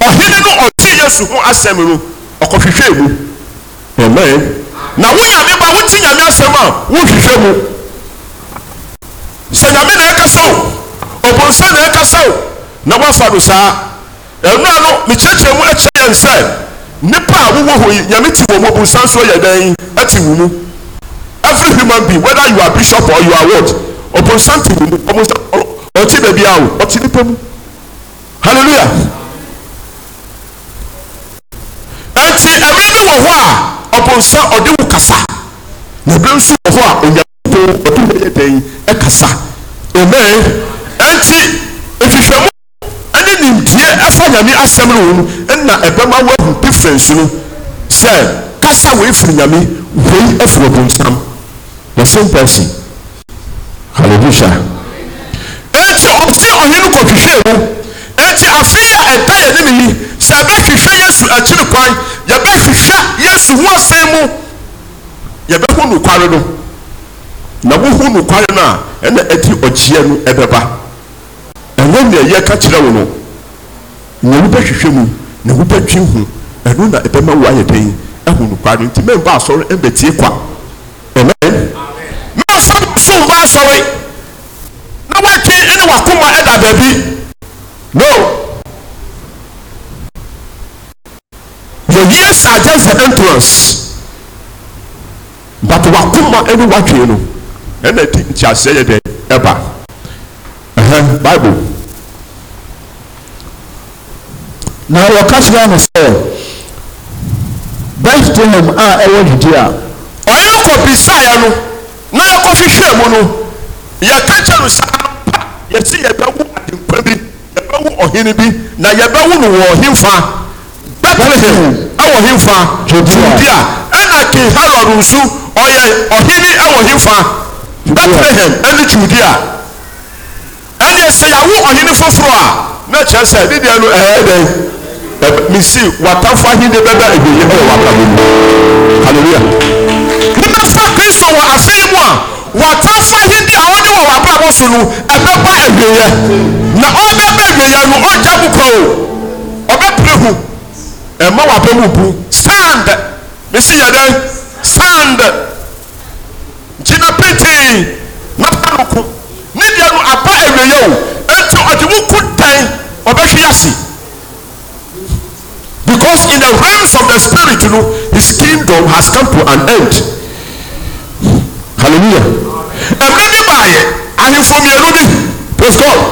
ɔhene no ɔtwi yesu ho asɛm no ɔkɔhwehwɛ mu amen. na woyɛ ne ma wote nyame asɛm a wohwehwɛ mu sɛ nyame na ɛkasa wo ɔbɔnsɛ na ɛkasa wo na woafa no saa ɛno a no mekyerɛkyerɛ mu akyerɛ yɛn sɛ nipa a wowɔ hɔ yi nyame ti wɔ mu ɔbɔnsam so yɛ dɛn ɛti wo mu every human being whether you are bishop or you are what ɔbɔnsam ti wo mu ɔbɔnsam ɔte baabi a wo ɔte nipa mu hallelujah ɛnti ɛmɛ bi wɔ hɔ a ɔbɔnsa ɔde wo kasa na ebi nso wɔ hɔ a onyankopɔn ɔde wo yɛ den ɛkasa amen ɛnti ehwehwɛmu ɛne nimdie ɛfa nyame asɛm no wɔm ɛna ɛbɛma wɔahu difference no sɛ kasa wei firi nyame wei ɛfiri ɔbɔnsam the same person hallelujah ɛnti ɔsi ɔhene kɔhwehwɛ mu. nti afei a ɛda yɛne ne ni sɛ abe yesu akyiri kwan yɛbɛhwehwɛ yesu ho asɛm mu yɛbɛho nokware no na woho nokware no a ɛna ɛdi ɔgyeɛ no ɛbɛba ɛnyɛ nea yɛka kyerɛ wo no nea wobɛhwehwɛ mu na wobɛdwe ho ɛno na ɛbɛma wo ayɛ dɛn ɛho nokware nti mɛmba asɔre ɛmbɛtie kwa amen mɛ ɔsɔre so mba asɔre na wakoma ɛda no your years are just the entrance but wakoma ɛne watwee no ɛna ti nkyase yɛ dɛ ɛba ɛhɛn bible na wɔka kyerɛ no sɛ bethlehem a ɛwɔ judea ɔyɛ kɔbisaeɛ no na akɔhwehwɛ mu no yɛka kyɛ no saa pa yɛsi yɛbɛwo yɛbɛwo ɔhene bi na yɛbɛwo no wɔ ɔhemfa bethlehem ɛwɔ hemfa judea ɛna king herod nso ɔyɛ ɔhene ɛwɔ hemfa bethlehem ɛne judea ɛne sɛ yɛawo ɔhene foforɔ a na kyerɛ sɛ ne deɛ no ɛyɛ dɛn misi bɛbɛ ɛwɔ hallelujah wɔ afei mu a wɔtafa yi di a wɔde wɔ w'abrabɔ so no ɛbɛba awieɛ na ɔbɛba awieɛ no ɔgya mu kɔ o ɔbɛpere ho ɛma w'aba mu bu sand bɛsi yɛ dɛ sand gyina petee na pa no ko ne deɛ o eti ɔde mu ko dan ɔbɛhwe ase because in the realms of the spirit you know his kingdom has come to an end. hallelujah ɛmɛ ni baaye ahemfo mmienu bi praise god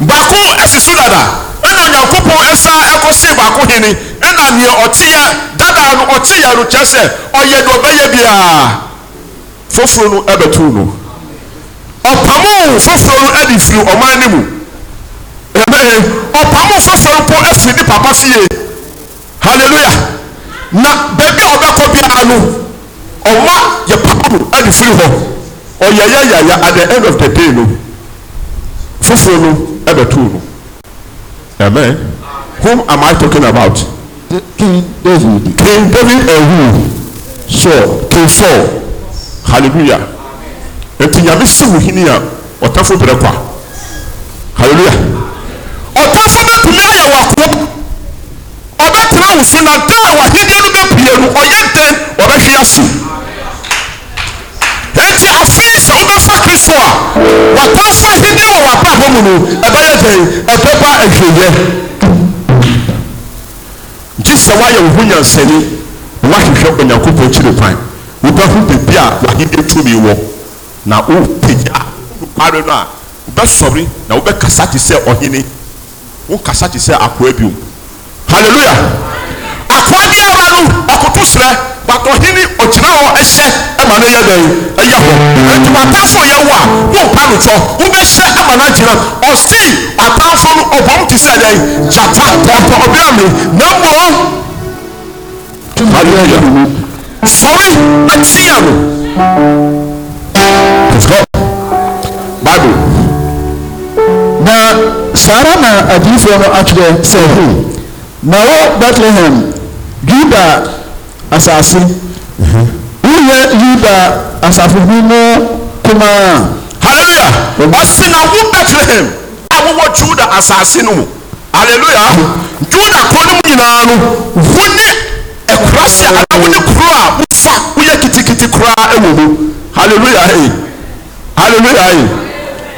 baako esisi dada ɛna nyankopɔn ɛsa ɛkɔsi baako hene ɛna nea ɔte yɛ dada no ɔte yɛ no kyerɛ sɛ ɔyɛ deɛ ɔbɛyɛ biara foforo no ɛbɛtu no ɔpamu foforo no ɛde firi ɔman ne mu ɛmɛ ɔpamu foforo po ɛfiri ne papa fie hallelujah na baabi a ɔbɛkɔ biara no. ɔma yɛ papo ɛde firi hɔ ɔyɛyɛ yaya at the end of the day no foforɔ no ɛbɛtu no amen whom am i talking about. king david king david ehu saul king saul hallelujah nti nyame si wo hini a ɔtafo bere kwa hallelujah ɔtafo bɛtumi ayɛ wakoɔ ɔbɛtena wo so na da a wahediɛ no bɛpue no ɔyɛ dɛn ɔbɛhwe aso. apɔsɛsi ne wɔ w'apaabɔ mu no ɛbɛyɛ dɛn ɛbɛba na woahwehwɛ onyankopɔn kyire kwan wobɛho baabi a etu m wɔ na wopagya nokware no a wobɛsɔre na wobɛkasa te sɛ ɔhene wokasa te sɛ akoa biom halleluya akoa bàtọ̀ hini òkyìnà hɔ ɛhyɛ ɛma ne yɛ dɛ yi ɛyɛ hɔ ɛnti w'atamfo yɛ wo a wọn pa no tɔ wọn bɛ hyɛ ama na gyina ɔsi ti sɛ dɛ yi gyata pɔpɔ ɔbi ami na mbɔ aleluya sɔri na kyiya na saa na adiifoɔ no atwerɛ sɛ na bethlehem juda asase woyɛ yuda asafo bi mu kumaa hallelujah ɔsi na wo bethlehem a wowɔ juda asase no hallelujah juda kɔ no mu nyinaa no wo ni ɛkura se anaa wo ne kuro a wofa woyɛ kitikiti koraa ɛwɔ mu hallelujah ee hallelujah ee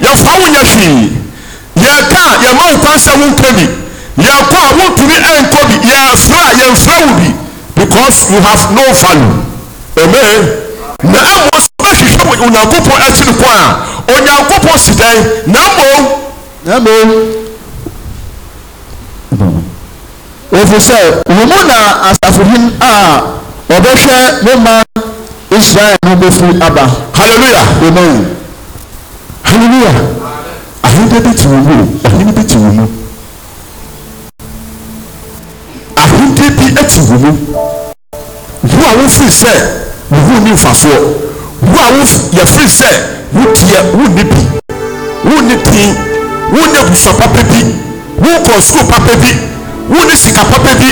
yɛfa wo nyɛ hwee yɛka yɛma wo kwan sɛ wo nkɔ bi yɛkɔ a wotumi ɛnkɔ bi yɛfra yɛmfra wo bi because you have no value amen na ɛmo sɛ wobɛhwehwɛ onyankopɔn akyi no kwan a onyankopɔn si dɛn na mmom na mmom wɔfiri sɛ wɔmu na asafohene a wɔbɛhwɛ ne ma israel no bɛfiri aba hallelujah amen hallelujah ahenda bi te wo mu ahenda bi te wo mu ahenda bi te nkomo wo a wofiri sɛ wo ni mfasoɔ wo a yɛfiri sɛ wo teɛ wo ni bi wo ni tin wo ni abusua papa bi wo kɔ sukuu papa bi wo ni sika papa bi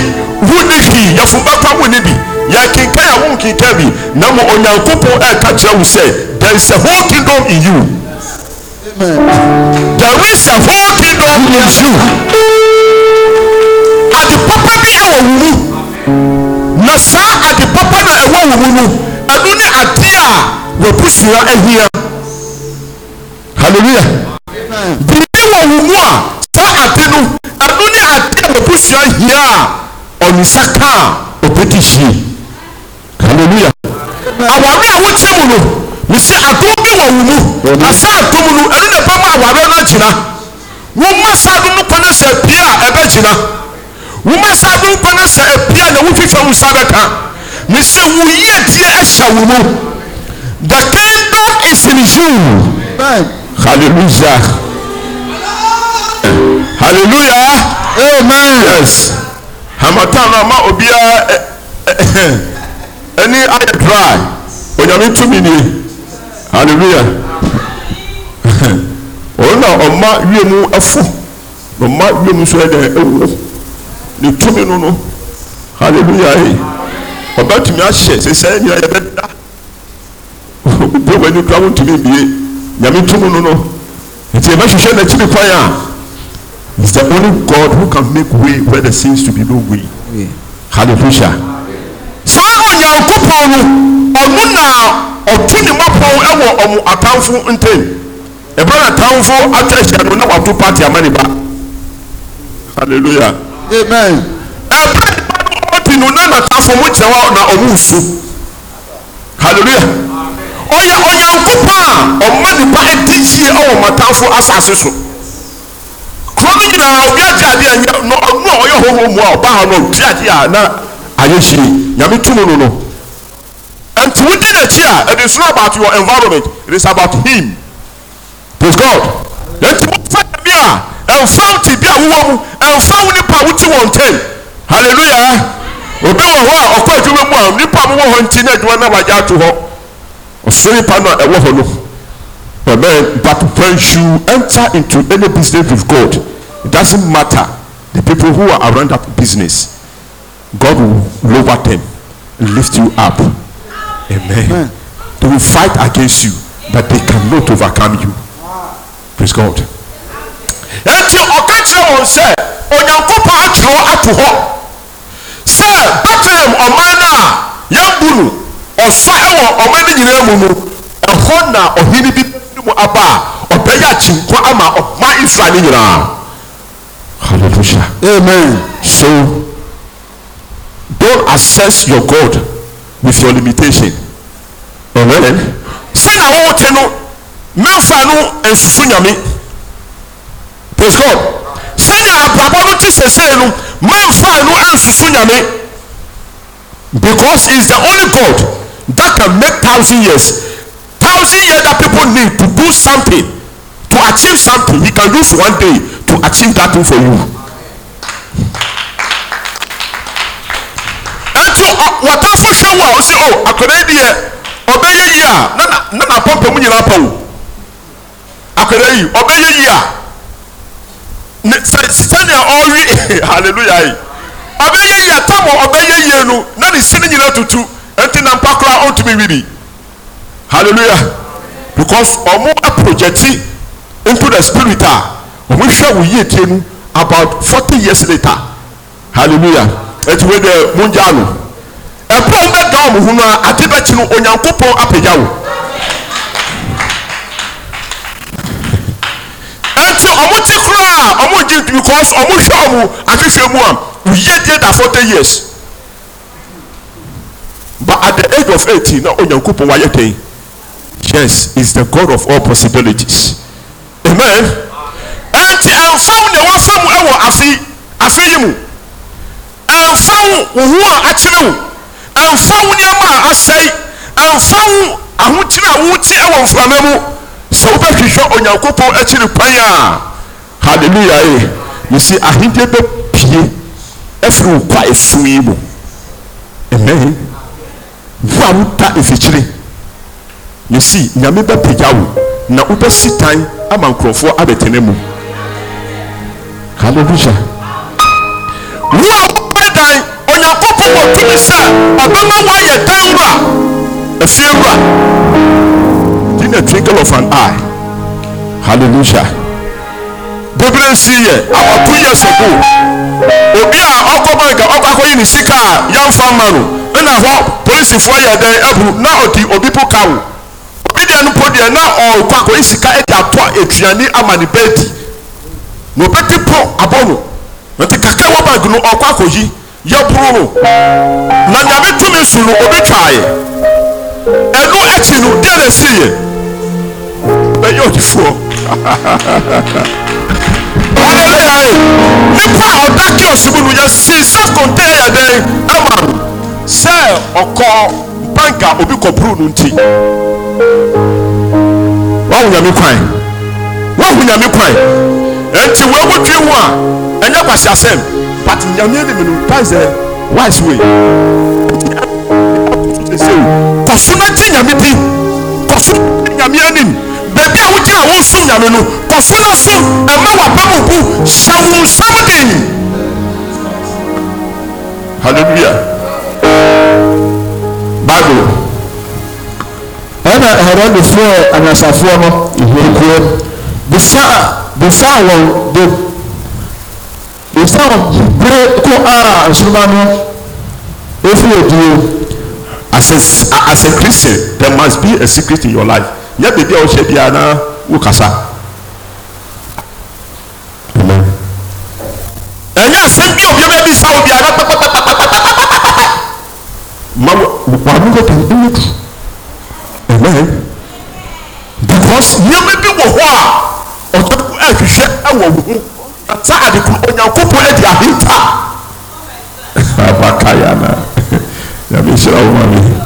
wo ni hii yɛfubakwa wo ni bi yɛkenkan a wo nkenkan bi na mo onyankopɔn ɛka kyerɛ wo sɛ there is a whole kingdom in you Amen. there is a whole kingdom in you ade papa bi ɛwɔ wo mu saa ade papa na ɛwɔ wo no ɛno ne ade a wabusua ahia hallelujah biribi wɔ wo mu a saa ade no ɛno ne ade a wabusua ahia a ɔnisa ka a ɔbɛdi hallelujah awari a wote mu no mesɛ adom bi wɔ wo na saa adom no ɛno na ɛbɛma awari no agyina wɔn mma saa adom no kwan sɛ pie a ɛbɛgyina. woma sa dompa no sɛ apia na wofifa wo nsa bɛka me sɛ wo yiadie ahyɛ wo mu the kingdom is in you halleluya halleluya amen yes hamatan no ama obiara ani ayɛ dry onyame tumi nie halleluya ɔno na ɔma wiem afo ɔma wiem nso ɛdɛ ɛwuram ne tumi no no hallelujah yi ɔbɛtumi ahyɛ sesɛn nyinaa yɛ bɛ da [laughs] obi wɔn ani kura wɔn tumi bie nyame tumi no no nti yɛ bɛhwehwɛ n'akyiri kwan a it's the only god who can make way where there seems to be no way hallelujah saa ɔnyankopɔn no ɔno na ɔtu ne mmɔpɔn ɛwɔ ɔmo atamfo ntɛm ɛbɛrɛ atamfo atwa ahyia no na wato party amaniba hallelujah amen. ɛbɛn nipa no ɔdi no na natafo mu kyerɛ wa na ɔmo nsu hallelujah ɔyɛ ɔnyankopɔ a ɔma nipa ɛdi yie ɛwɔ matafo asase so kuro no nyinaa obi agye adeɛ ɛnyɛ na ɔno a ɔyɛ hoho mu a ɔba ha no obi agye a na ayɛ hyiri nyame tum no no ɛnti wodi n'akyi a it is not about your environment it is about him praise god ɛnti mo fɛ ɛbi a. ɛnfa wo bi a wowɔ mu ɛnfa wo nipa a wote wɔn ntɛm hallelujah obi wɔ hɔ a ɔkɔ adwuma mu a nipa a wowɔ hɔ nti na adwuma na wagya ato hɔ ɔsoro nipa no a ɛwɔ hɔ no amen but when you enter into any business with god it doesn't matter the people who are around that business god will lower them and lift you up amen, amen. they will fight against you but they cannot overcome you praise god. eti ɔka kyerɛ wɔn sɛ onyankopɔn atwerɛ ato hɔ sɛ bethlehem ɔman no a yɛbu ɔsa ɛwɔ ɔman no nyinaa mu no ɛhɔ na ɔhene bi ne mu aba a ɔbɛyɛ akyinkwa ama ɔma israel no nyinaa hallelujah amen so don't assess your god with your limitation amen sɛ na wɔn no mmefa no nsusu nyame. Praise God. sɛdeɛ abrabɔ no te sesee no manfa no ansusu nyame because he is the only god that can make thousand years thousand years that people need to do something to achieve something he can use one day to achieve that thing for you. ɛnti wɔta fohwɛ wo a ɔsi o akwadaa yi deɛ ɔbɛyɛ yie a na na pɔmpɔ mu nyinaa pa o akwadaa yi ɔbɛyɛ yie a sɛnea ɔre [laughs] hallelujah yi ɔbɛyɛ yie atam ɔbɛyɛ yie no na ne si ne nyinaa tutu ɛnti na mpa koraa ɔntumi wiri hallelujah because ɔmo aprojɛti into the spirit a ɔmo hwɛ wo yie tie no about forty years later hallelujah ɛti wei deɛ mo ngya no ɛpɛ ɔmo ɛda ɔmo ho no a ade bɛkyi no onyankopɔn apagya wo. ɛnti ɔmo ti a ɔmo gye because ɔmo hwɛ ɔmo ahwehwɛ mu a yie die da forty years but at the age of eighteen na onyankopɔn wayɛ den yes is the god of all possibilities amen ɛnti ɛnfam na wafam ɛwɔ afi afi yi mu ɛnfam wohu a akyerɛ wo ɛnfam nneɛma a asɛe ɛnfam ahokyere a wote ɛwɔ mframa mu sɛ wobɛhwehwɛ onyankopɔn akyiri kwan a hallelujah ye eh. yɛsi ahenkyɛ bɛ pie ɛfiri wo kwa efu yi mu amen wo a wota efikyire yɛsi nyame bɛ pagya wo na wobɛsi tan ama nkurɔfoɔ abɛtena mu hallelujah wo a wobɛ dan onyankopɔn wɔ tumi sɛ ɔbɛma woayɛ dan wura efie wura di na twinkle of an eye hallelujah bebree si yɛ about two years ago obi a ɔkɔ banka ɔkɔ akɔyi ne sika a yɛmfa ma no ɛna hɔ polisifoɔ yɛ dɛn aburu na ɔdi obi po ka wo obi deɛ no po deɛ na ɔkɔ akɔyi sika ɛde atɔ aduane ama ne bɛɛdi na obɛti po abɔ no nti kakra wɔ bank no ɔkɔ akɔyi yɛboro no na nyame tumi su no obi twaeɛ ɛno akyi no deɛ na ɛsi yɛ bɛyɛ odifoɔ [laughs] yare nipa a ɔdaki osumu nu yɛ sinsa kɔnte yɛ dɛ ama no sɛ ɔkɔ banka obi kɔ buru nu nti wahu nyame kwan wahu nyame kwan eti wo ewu twi wo a ɛnyɛ kwasi asɛm but nyame de mi no ta sɛ wise way kɔsu n'akyi nyame di kɔsu n'akyi nyame anim baabi a wogyina wo nsom nyame no kɔ so no som ɛma waba mu bu hyɛ wo nsam den halleluya bible ɛna herodefoɔ anyasafoɔ no nkurom bisaa bisaa wɔn de bisaa wɔn bere ko a nsoroma no efi eduro as a as a christian there must be a secret in your life nyɛ biribi a wohyɛ biara na wokasa ɛnyɛ asɛm bi a obi bɛ biara ma wàá nígbà tó ń because nneɛma bi wɔ hɔ a ɔtɔ ɛhwehwɛ ɛwɔ wo ho ata ade ko onyankopɔn adi ahinta abakaya na yabe hyira wo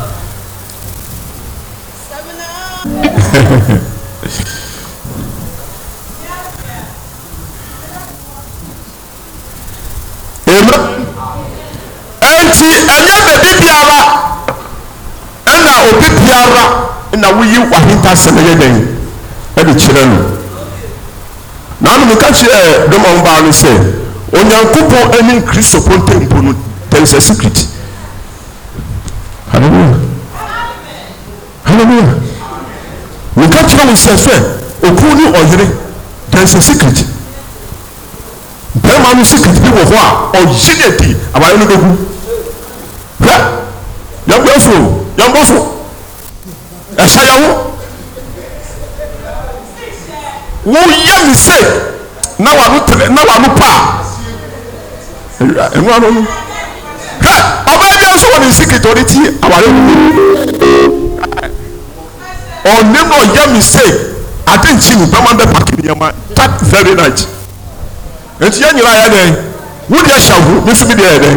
[laughs] enti ɛnyɛ baabi biara ɛna obi biara na woyi wahentasɛm yɛ dɛn ɛde kyerɛ no na anum ka kyerɛ dɔm a ɔbaa no sɛ onyankopɔn ɛne kristofo ntempo no there is a secret hallelujah hallelujah. meka kyerɛ wo sɛ sɛ okunu ne ɔyere there is a secret bɛrima no secret bi wɔ hɔ a ɔye ne adi abayɛ no bɛgu hwɛ yɛmbɔ so yɛmbɔ so ɛhyɛ yɛ wo woyɛ mistake na wa no tene na wa no pa ɛnua no hwɛ ɔbɛn bi nso wɔ ne secret ɔde ti abayɛ no bɛgu ɔnim na ɔyɛ mistake ade nkyi ne bɛma bɛ paki nneɛma that very night nti yɛn nyinaa yɛ dɛn wo deɛ hyɛ agu ne nso mi deɛ yɛ dɛn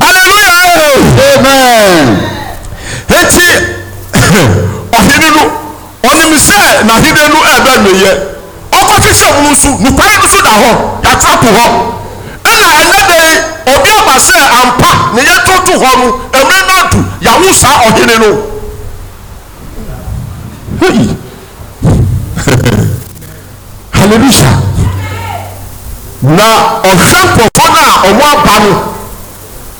hallelujah amen eti ɔhene no ɔnim sɛ n'ahene no ɛbɛn no yɛ ɔkɔte sɛ ɔmo nso nukwari no so da hɔ yɛatrapo hɔ na sɛ ampa ne yɛtoto hɔ no ɛmɛ no adu yɛawo saa ɔhene no hallelujah na ɔhwɛ nkurɔfoɔ no a ɔmo aba no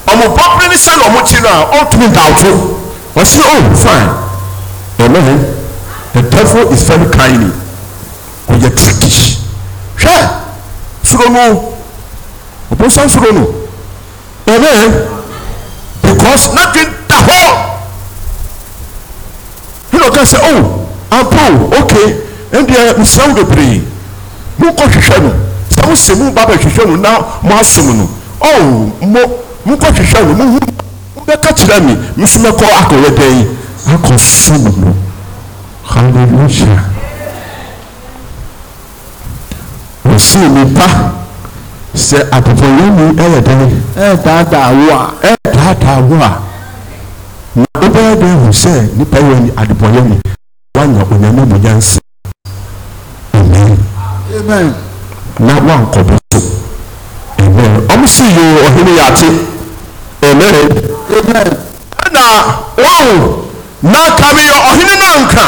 ɔmo bɔbere ne sɛ na ɔmo kyi no a ɔntumi dawto ɔsi oh fine ɛmɛ the devil is very kindly ɔyɛ tricky hwɛ soro no ɔbɛnsa soro no amen because nothing da hɔ ɛna ɔka sɛ oh ampo okay ɛndeɛ nsɛm bebree mokɔ hwehwɛ no sɛ mosɛ mu ba bɛhwehwɛ no na mo asom no oh mo mokɔ hwehwɛ no mohu mobɛka kyerɛ me meso mɛkɔ akɔyɛ dɛn akɔsom no hallelujah wɔsoo nipa sɛ apopɔyɛni ɛyɛ dɛn. ɛɛdaadaa wo a. wo a na wobɛyɛ dɛn hu sɛ nipa yɛ ni adepɔyɛni wanya onyame mu nyansa amen. amen. na wankɔbɔ so amen. ɔmo si yi ɔhene yate amen. amen. ɛna wɔn na kabi yɛ ɔhene nanka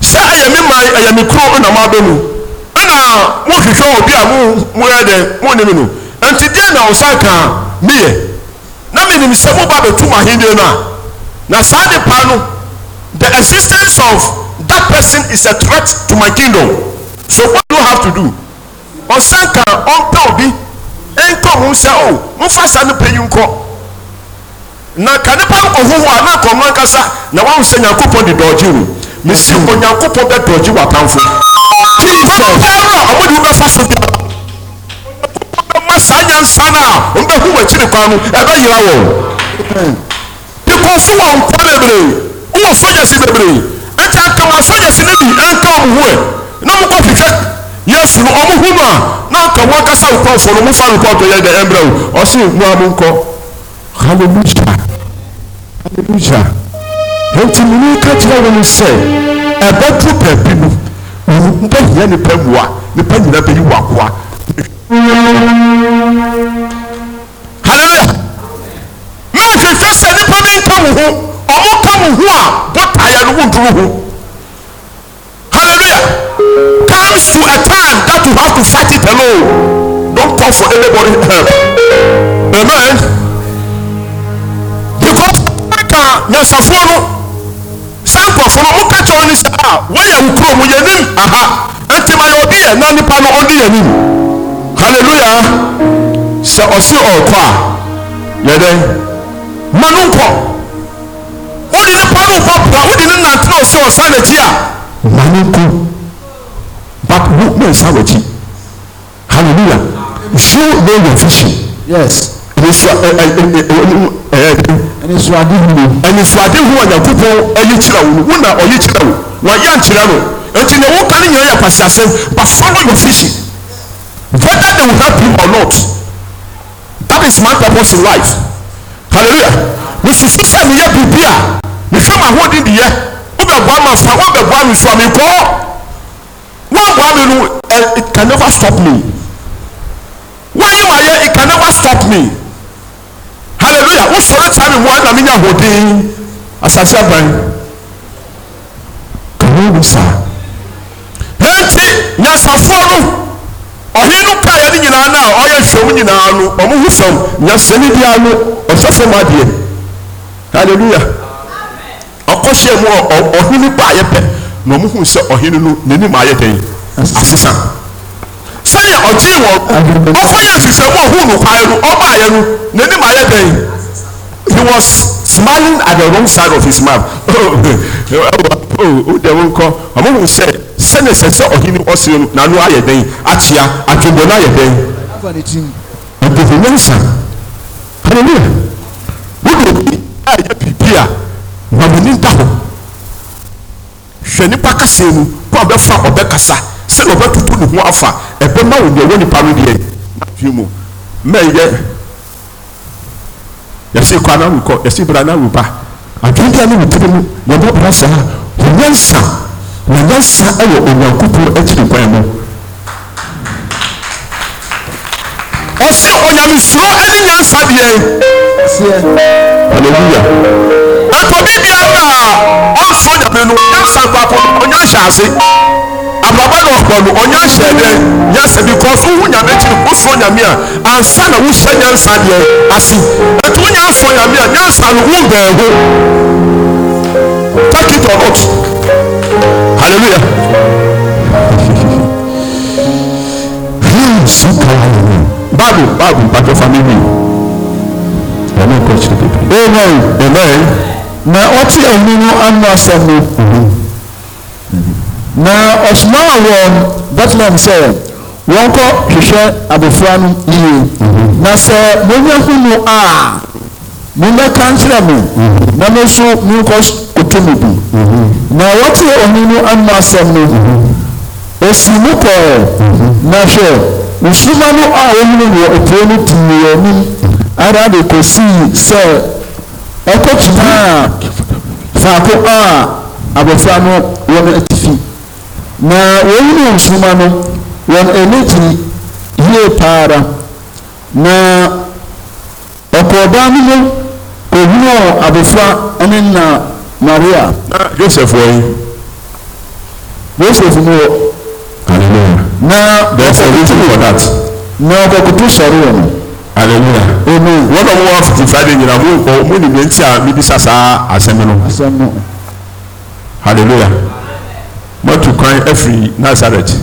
sɛ ɛyɛ mi man ɛyɛ mi kuro ɛna abɛ mu. na mohwehwɛ obi a moyɛ dɛn monim no nti deɛ na ɔsa ka meyɛ na menim sɛ moba bɛtum ahenni no a na saa nipa no the existence of that person is a threat to my kingdom so what do you have to do ɔsan ka ɔmpɛ obi ɛnkɔ ho sɛ o oh, mofa saa nipa yi nkɔ na ka nipa no kɔ hoho a na kɔ no ankasa na wahu sɛ nyankopɔn de dɔɔgye wo mesi onyankopɔn bɛ dɔgye wɔ atamfo jesus ɔmo de wo bɛfa so bi ma saa nyansa no a ɔmo bɛ hu wɔ akyiri kwan no ɛbɛ yira wɔ because wɔ nkwa bebree wɔ sojasi bebree ɛnti anka wɔn sojasi no bi ɛnka wɔn ho ɛ na wɔn kɔ hwehwɛ yesu no ɔmo hu no a na anka wɔn ankasa wɔ kɔnfo no fa no pɔtɔ yɛ dɛ ɛmbrɛ wo ɔsi mu a mo hallelujah hallelujah nti mene ka kyerɛ wo no sɛ ɛbɛto baabi no wobɛhia nipa mu a nipa nyina bɛyi wakoa halleluya memfefɛ sɛ nipa bi nka wo ho ɔmo ka wo ho a botaeɛ no woduru ho halleluya comes to a time that you have to fight it alone don't call for anybody help [laughs] amen because nyansafoɔ no sampɔfo no woka kyerɛ wo ne sɛ a woyɛ wo kurom yɛnim aha ɛnti ma yɛ ɔdi yɛ na nipa no ɔdi yɛnim Hallelujah. sɛ ɔse ɔɔkɔ a yɛdɛn ma no nkɔ wode nipa no nkɔ pra wode ne nantena ɔsɛ ɔsa n'akyi a ma no nkɔ but wo mensa w'akyi halleluya you know your vision yes ɛni suade hu no ɛni suade hu ɔnyankopɔn ɛyi kyerɛ wo no wo na ɔyi kyerɛ wo wɔyɛ nkyerɛ no eti na wɔn kan nyɛ yɛ pasiase but follow your vision whether they will help you or not that is my purpose in life hallelujah mi susu sɛ mi yɛ biribi a mi fi ma ho di di yɛ wo bɛ bua ma fa wo bɛ bua mi sua mi kɔ wo bua mi no ɛ it can never stop me wɔn yi ma yɛ it can never stop me hallelujah wosɔre kyɛre mu ana menya hoden asase aban kàwé mu saa henti nyansafoɔ no ɔhene no kaa yɛ ne nyinaa no a ɔyɛ hwɛm nyinaa no ɔmo ho fam nyansani bia no ɔhwɛ fam adeɛ hallelujah ɔkɔhyɛ mu ɔhene baayɛ pɛ na ɔmo hu sɛ ɔhene no As ayɛ dɛn asesa ɔfɛyɛ ɔgye wɔ ɔfɛyɛ efisɛ mo ɔhu no kwan no ɔba ayɛ no n'anim ayɛ dɛn he was smiling at the wrong side of his mouth o dɛm nkɔ ɔmo hu sɛ sɛnɛ sɛ sɛ ɔhene ɔsi no n'ano ayɛ dɛn akyia atwebɔ no ayɛ dɛn ɔdɔfo nyansa hallelujah wodi obi a ɛyɛ biribi a mamoni da hɔ hwɛ nipa kasa mu kó ɔbɛfa ɔbɛkasa sɛnɛ ɔbɛtutu ne ho afa ɛbɛma wo deɛ ɛwɔ nipa no deɛ fi mu mɛyɛ yɛsi kɔ anahu kɔ yɛsi bra anahu ba adwene bi a ne wotiri mu yɛbɔ bra saa onyansa na nyansa ɛwɔ onyankopɔn akyiri kwan mu ɔsɛ onyamesuro ɛne nyansa deɛ hallelujah ɛkɔ bibiara ɔnso nyame no nyansa nkɔ akɔ onyansa ase awuraba na ɔkpɔ no ɔnyɛ ahyɛ dɛ yasɛ because wohu nyame akyiri wosoro nyame a ansa na wohyɛ nyansa deɛ ase ɛti wonya nyame a nyansa no wo bɛɛ ho take it or not hallelujah bible bible mpatɔ family amen amen na ɔte ɛnu no ano asɛm no na ɔsomaa wɔ bethlehem sɛ wɔnkɔ hwehwɛ abɔfra no yie na sɛ monyahu no a mommɛka nkyerɛ me na me nso menkɔ koto mu bi na wɔte ɔhene no ano asɛm no osi mu kɔɔ na hwɛ nsoma no a wɔhunu wɔ apuo no tii wɔ anim ara de kɔsii sɛ ɛkɔkyinaa faako a abɔfra no wɔ no na wɔn mu nsoma no wɔn ani gye yie paa ara na ɔkɔɔdaa no mu kohunuu abɔfra ne na maria. na joseph wɔ yi. joseph mu wɔ. hallelujah. na dɔɔso ɛbi ti wɔ dat. na ɔkɔkoto sɔre wɔ no. hallelujah. amen. wɔn a wɔwɔ fiti friday nyina mu nkɔ mu ni mɛ nti a mi bi sa saa asɛm no. asɛm no. hallelujah matu kwan ɛfiri nazaret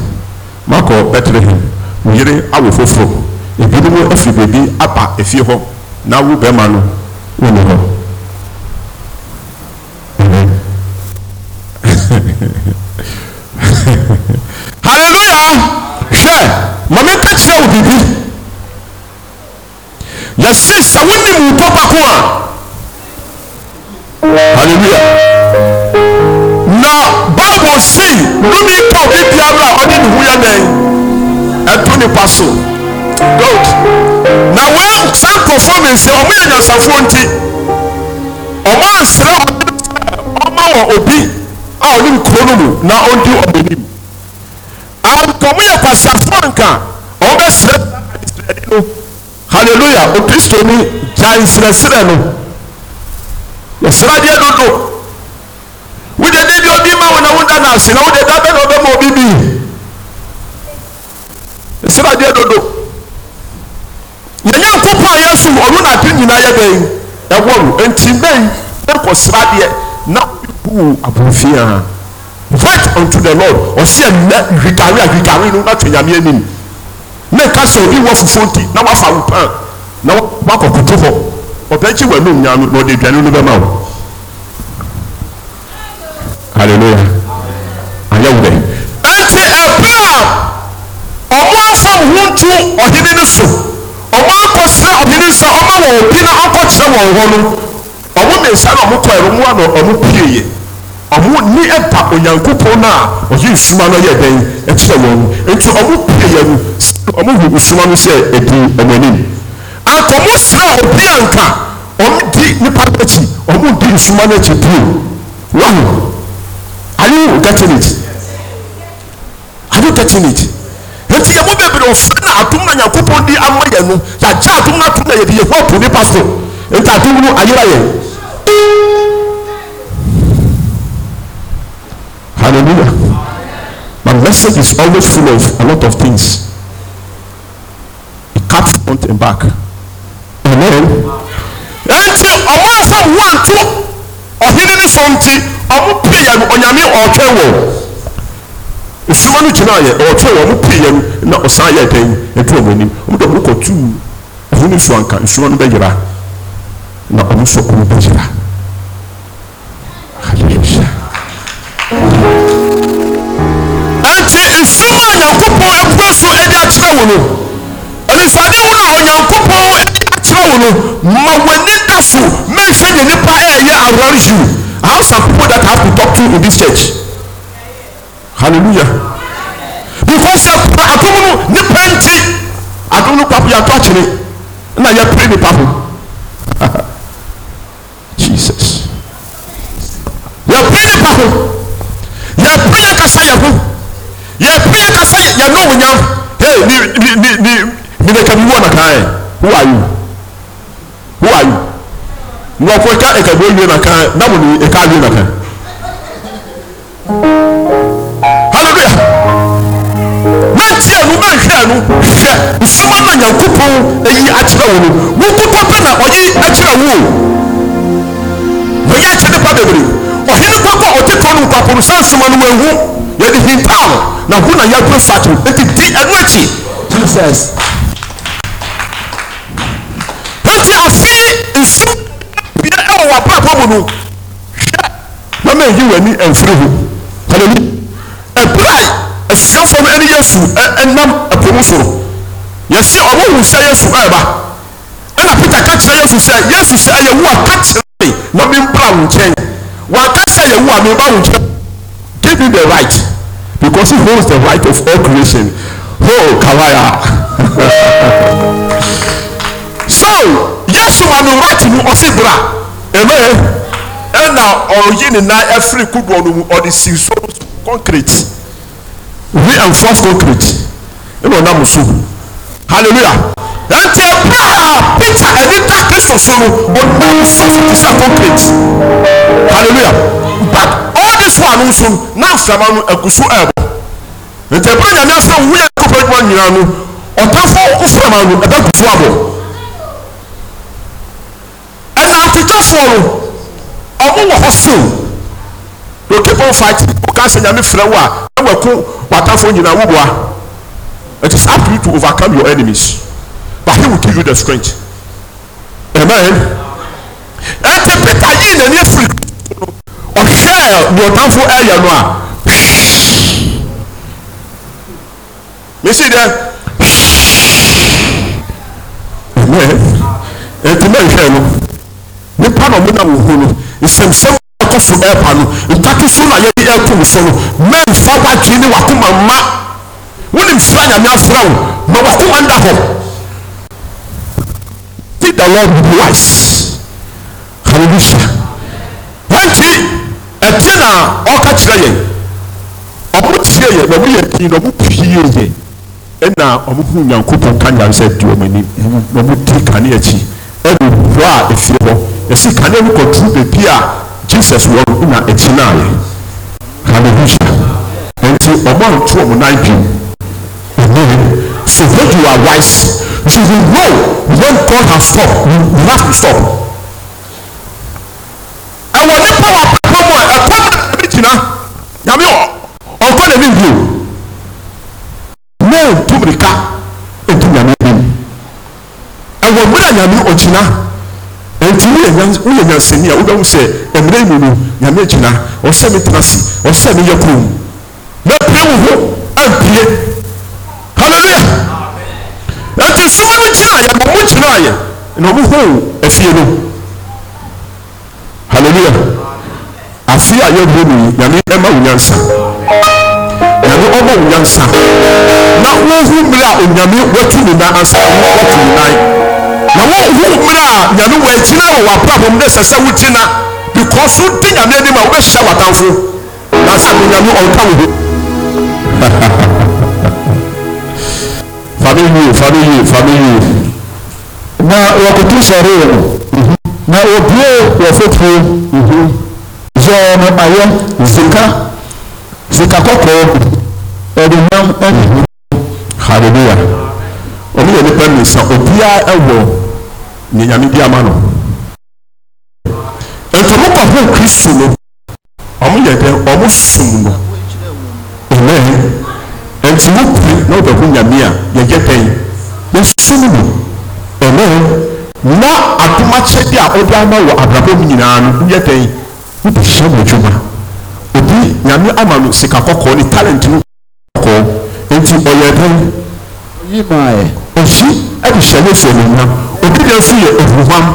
makɔ bethlehem wo yere awo foforɔ ebinom ɛfiri beebi aba efie hɔ na awo bɛrima no woni hɔ [laughs] hallelujah hwɛ maame ka kyerɛ wo bibi yɛsi sɛ wonni mu tɔ bako a hallelujah na will see dumi pa obi biara a ɔde ne ho yɛ dɛn ɛto nipa so good na wɔn saa nkurɔfoɔ mmiɛnsa wɔn yɛ nyasafoɔ nti wɔn asrɛ ɔde wɔ obi a ɔnim kuro no mu na ɔndi wɔn anim anka wɔn yɛ kwasafoɔ nka wɔn bɛsrɛ adesrɛde no hallelujah okristoni gya nsrɛsrɛ no yɛsrɛ adeɛ dodo ɔda na wode da na ɔbɛma obi bi dodo yɛnyɛ a yɛsu ɔno na ade yɛ bɛn ɛwɔ no nti bɛn ɛkɔ sradeɛ na ɔbu abɔnfia wait unto the lord ɔsi ɛnɛ hwitare a hwitare no na twe nyame anim ne nka sɛ obi wɔ fufuo nti na wafa wo pan na wakɔ hɔ ɔbɛnkyi wɔ anum nyaa no na ɔde aduane no bɛma wo hallelujah ayɛ werɛ enti ɛberɛ a ɔmo afa ho tu ɔhene no so ɔmo akɔsrɛ ɔhene nsa ɔma wɔn obi na akɔkyerɛ wɔn hɔ no ɔmo mmiɛnsa na ɔmo kɔɛ ɔmo ano ɔmo pie yɛ ɔmo ni ɛba onyankopɔn no a ɔyɛ nsuma no yɛ dɛn ɛkyerɛ wɔn nti ɔmo pie yɛ no ɔmo hu nsuma no sɛ ɛdi ɔmo anim akɔmo srɛ obi anka ɔmo di nipa n'akyi ɔmo di nsuma n'akyi bio wɔn are you getting it not nti yɛ mu bebree ɔfɛ na atum na nyankopɔn di ama yɛn no yagye atum na atum na yɛde yɛ hɔ nipa so nti atum no ayera yɛn hallelujah my message is always full of a lot of things it cut front and back amen nti ɔmo asam wanto ɔhene ne so nti ɔmo pie yɛn ɔnyame ɔtwɛn wɔn osuma no gyina yɛ ɔtwe wɔn mo pii yɛn na ɔsan yɛ dɛn edu wɔn anim wɔn dɛ wɔn kɔtu ɛho ne nsuo anka nsuo no bɛyira na wɔn nso wɔn bɛyira hallelujah. ɛnti nsuma a nyankopɔn apue so ɛde akyerɛ wɔn no ɛnisade wɔn a ɔnyankopɔn ɛde akyerɛ wɔn no ma wɔn ani da so mɛnhwɛ ne nipa ɛɛyɛ awɔre yiw a house of people that have to talk to in this church hallelujah because yɛ pa atum no nipa nti atum no papo yɛ ato akyere na yɛ pere nipa ho jesus yɛ pere nipa ho yɛ pere yɛ kasa yɛ ho yɛ pere yɛ kasa yɛ no wonyam hey ni ni ni ni ni de kabi wɔ na kan yɛ who are you who are you nkurɔfo ɛka ɛka bi wɔ na kan na ni ɛka bi na kan. no ɛnhwɛ no hwɛ nsɛm ama nyankopɔn ayi akyerɛ wo no wo nkopɔ pɛ na ɔyi akyerɛ wo wɔyɛ akyɛ nipa bebree ɔhene kɔkɔ ɔte kɔ no nkwapono sɛ nsɛm no wɔahu yɛde hintaa no na ho na yɛabrɛ sato nti di ɛno akyi jesus nti afe nsu bia ɛwɔ w'abrabɔ mu no hwɛ mama ɛyi w'ani ɛmfiri ho halleluya ɛbrɛ asiafoɔ no ɛne yesu ɛnam e, e, ɛpo e, mu soro yɛsi ɔmo wu sɛ yesu ɛɛba ɛna peter ka kyerɛ yesu sɛ yesu sɛ ɛyɛ wu a ka kyerɛ me na mi mpra wo nkyɛn waka sɛ ɛyɛ wu a mi ba wo nkyɛn give me the right because he holds the right of all creation ho oh, kawaya [laughs] so yesu ma no right mu ɔsi bra amen ɛna ɔyi ne nan ɛfiri kudu ɔno mu ɔde si so concrete reinforce concrete ɛna ɔnam so hallelujah nti ɛbrɛ a peter ɛne da kristo so no ɔnam so te sɛ concrete hallelujah but all this one nso na aframa no ɛgu so ɛɛbɔ nti ɛbrɛ nyame asɛ wuyɛ kɔpɛ adwuma nyinaa no ɔtamfo oframa no ɛbɛgu so abɔ ɛnantetɔfoɔ no ɔmo wɔ hɔ sew na okipa fight ɔka sɛ nyame frɛ wo a na wɔako atamfoɔ you wo boa it is up to you to overcome your enemies but he will give you the strength amen ɛti peter yii nani efiri ɔhwɛ ni ɔtamfoɔ ɛyɛ no a mesi dɛ amen ɛti mɛ nhwɛ no nipa na ɔmo nam wo ho no nsɛmsɛm akɔfo ɛɛpa no ntaki so na yɛde ɛɛtum so no mɛmfa wadwi ne wakoma mma wonim sira nyame afra wo ma wakoma nda hɔ did the lord be wise hallelujah wanti ɛte na ɔka kyerɛ yɛn ɔmo tie yɛ na ɔmo yɛ pii na ɔmo pie yɛ ɛna ɔmo hu nyankopɔn kanyan sɛ di ɔmo anim na ɔmo di kanea akyi ɛna owura efie hɔ yɛsi kanea no kɔ turu beebi a jesus wɔn na ɛti naayɛ hallelujah nti ɔmo anto ɔmo nan bi ɛnere so when you are wise you will know when god has stop you must stop ɛwɔ nipa wa papa mu a ɛkɔ na ɛbi gyina nyame ɔkɔ na ɛbi wu mɛn tumirika etu nyame bi ɛwɔ mmerɛ nyame ɔgyina nti woyɛ nyansani a wobɛhu sɛ mmerɛ mu no nyame gyina ɔsɛ metena ase ɔsɛ meyɛ kuro mu na pie wo ho ampie halleluya ɛnti soma no gyinaayɛ ma mo gyinaayɛ na ɔmohoo afie no halleluya afe a yɛbɔ no yi nyame ɛma wo nyansa nyame ɔma wo nyansa na wohu mmerɛ a onyame watu ne nan ansa watu ne nan honhom mmerɛ a nyame wɔ akyina wɔ w'abrabɔm ne sɛ sɛ wotina because wodi nyame anim a wobɛhyɛ w'atamfo na sɛ me nyame ɔnka wo ho famili famili famili na wɔkoto sɔree no mhm. na wɔbue wɔfotuo mhm. zɔɔ no ayɛ zika zika kɔkɔɔ ɛde ɛne mhm. hallelujah ɔmo yɛ nipa mmiɛnsa obiara ɛwɔ ne nyame bi ama no nti ɔmo kɔ hoo kristo no ɔmo yɛ dɛ ɔmo sum no amen nti wo piri na wobɛho nyame a yɛyɛ dɛn yɛsum no amen na adomakyɛde a ɔde ama wɔ abrabɔ mu nyinaa no woyɛ dɛn wobɛhyɛ mo adwuma obi nyame ama no sika kɔkɔɔ ne talent no kɔkɔɔ nti ɔyɛ dɛn ɔyi ɛde hyɛ yesu anuonyam gyina so yɛ ɔhuham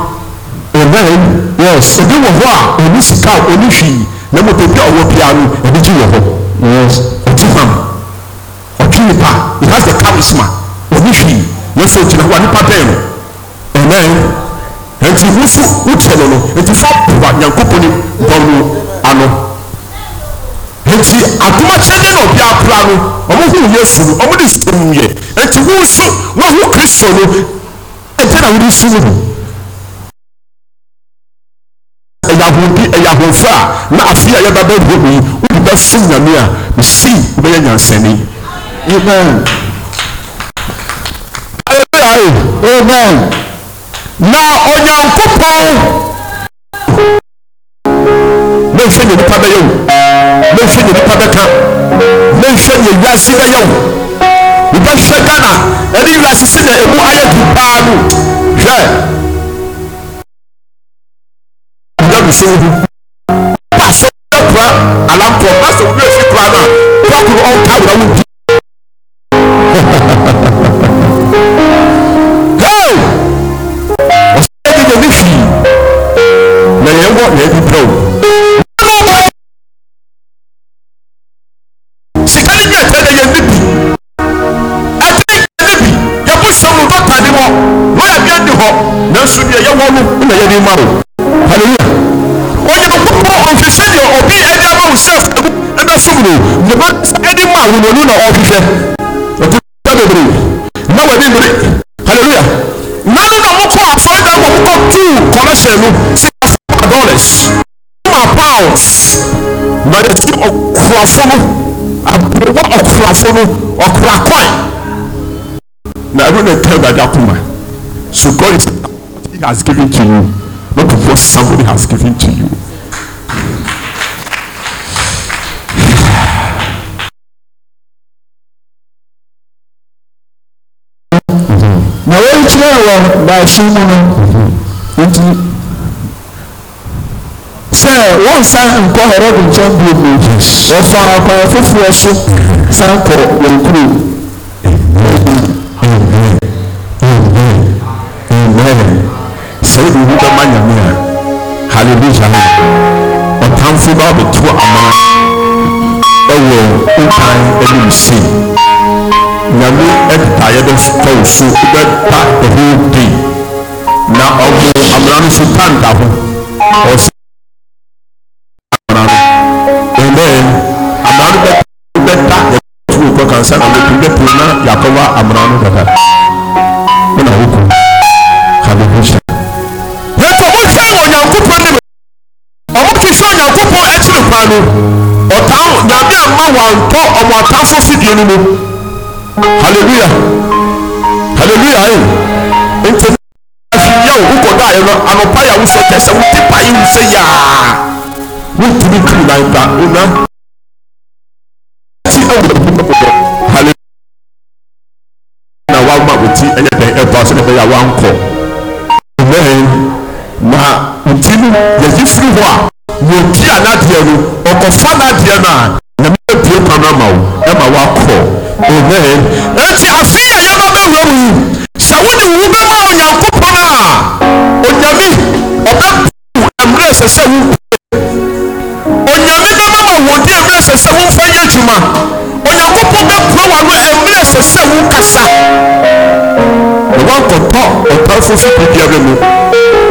amen yes ebi wɔ hɔ a oni sika oni hwii na mo pepe a ɔwɔ pia no ebi gyi wɔ hɔ yes ɔtwi ham ɔtwi nipa he has the charisma oni hwii na so gyina hɔ a nipa bɛn no amen nti wofu wokyɛ no no nti fa pua nyankopɔn ne bɔnu ano nti adomakyɛ de na ɔbi apra no ɔmo hu yesu no ɔmo de sɛm yɛ nti wo nso woahu kristo no ɛnkyɛn na wɔde si mu ɛyahunbi ɛyahunfa na afi a yɛba bɛɛ duro yi wɔde bɛ fi nyame a bisi bɛyɛ nyansani amen hallelujah amen na ɔnyankopɔn mehwɛ nyɛ nipa bɛyɛ o mehwɛ nyɛ nipa bɛka mehwɛ nyɛ wiase bɛyɛ o wobɛhwɛ ghana ɛne wiase se na ɛmu ayɛ du paa no hwɛ da me sɛ wodu pa sɛ wodɛ kora alampoɔ pa sɛ wodɛ afi kora no a korakoro ɔnta wura wo di so no ɔkura kwan na ɛno na tell dada kuma so God is he has given to you not what somebody has given to you. na wɔn kyerɛ wɔ baahyɛn mu no mhm. nti wọn san nkɔ herod nkyɛn bio mu wɔfa akwan foforɔ so san kɔ wɔn kurom. sɛ ewu bɛma nyame a hallelujah ɔtamfo no abɛtu amana ɛwɔ ntan anim se nyame ɛtaeɛ bɛ tɔ wo so wobɛba the whole day na ɔmo amana no so tanda ho ɔsɛ sɛ ɔmɛkunde kun na yakɔba amuranu kaka ɛna oku hallelujah. ètò wọn fẹ́ ọ̀nyankopọ̀ ni ọmọ ti fẹ́ ọ̀nyankopọ̀ ẹ̀kyẹ̀rẹ̀ kwanu ọ̀tá nyàmé àmà wà ntọ́ ọmọ àtàfọ́ fìdíè mu hallelujah hallelujah ayi ntẹ afi yẹ o wọkọ dọ ayẹ lọ anọpa yà wọsẹ kẹsẹ wọtí pa yìí wọsẹ yàá wọn tìbí tìbí náà ìgbà bɛyɛ a wankɔ amen na nti no yɛyi firi hɔ a wɔdi a n'adeɛ no ɔkɔfa n'adeɛ no a nyame abie kwan ama wo ɛma wakɔ amen eti afi a yɛba bɛwura mu yi sɛ wo ne wo bɛma onyankopɔn a onyame ɔbɛbu mmerɛ sɛ sɛ wo ɔbɛfo so kuro biara mu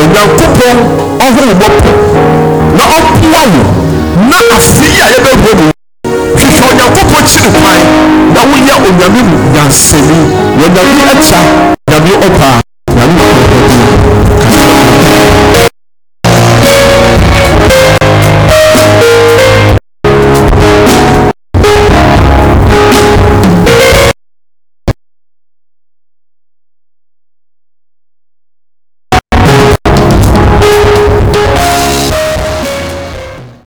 onyankopɔn ɔhoro bɔ na ɔpoa wo na afe yi a yɛbɛwura mu hwehwɛ onyankopɔn kyiri kwan na woyɛ onyame mu nyansani onyame akya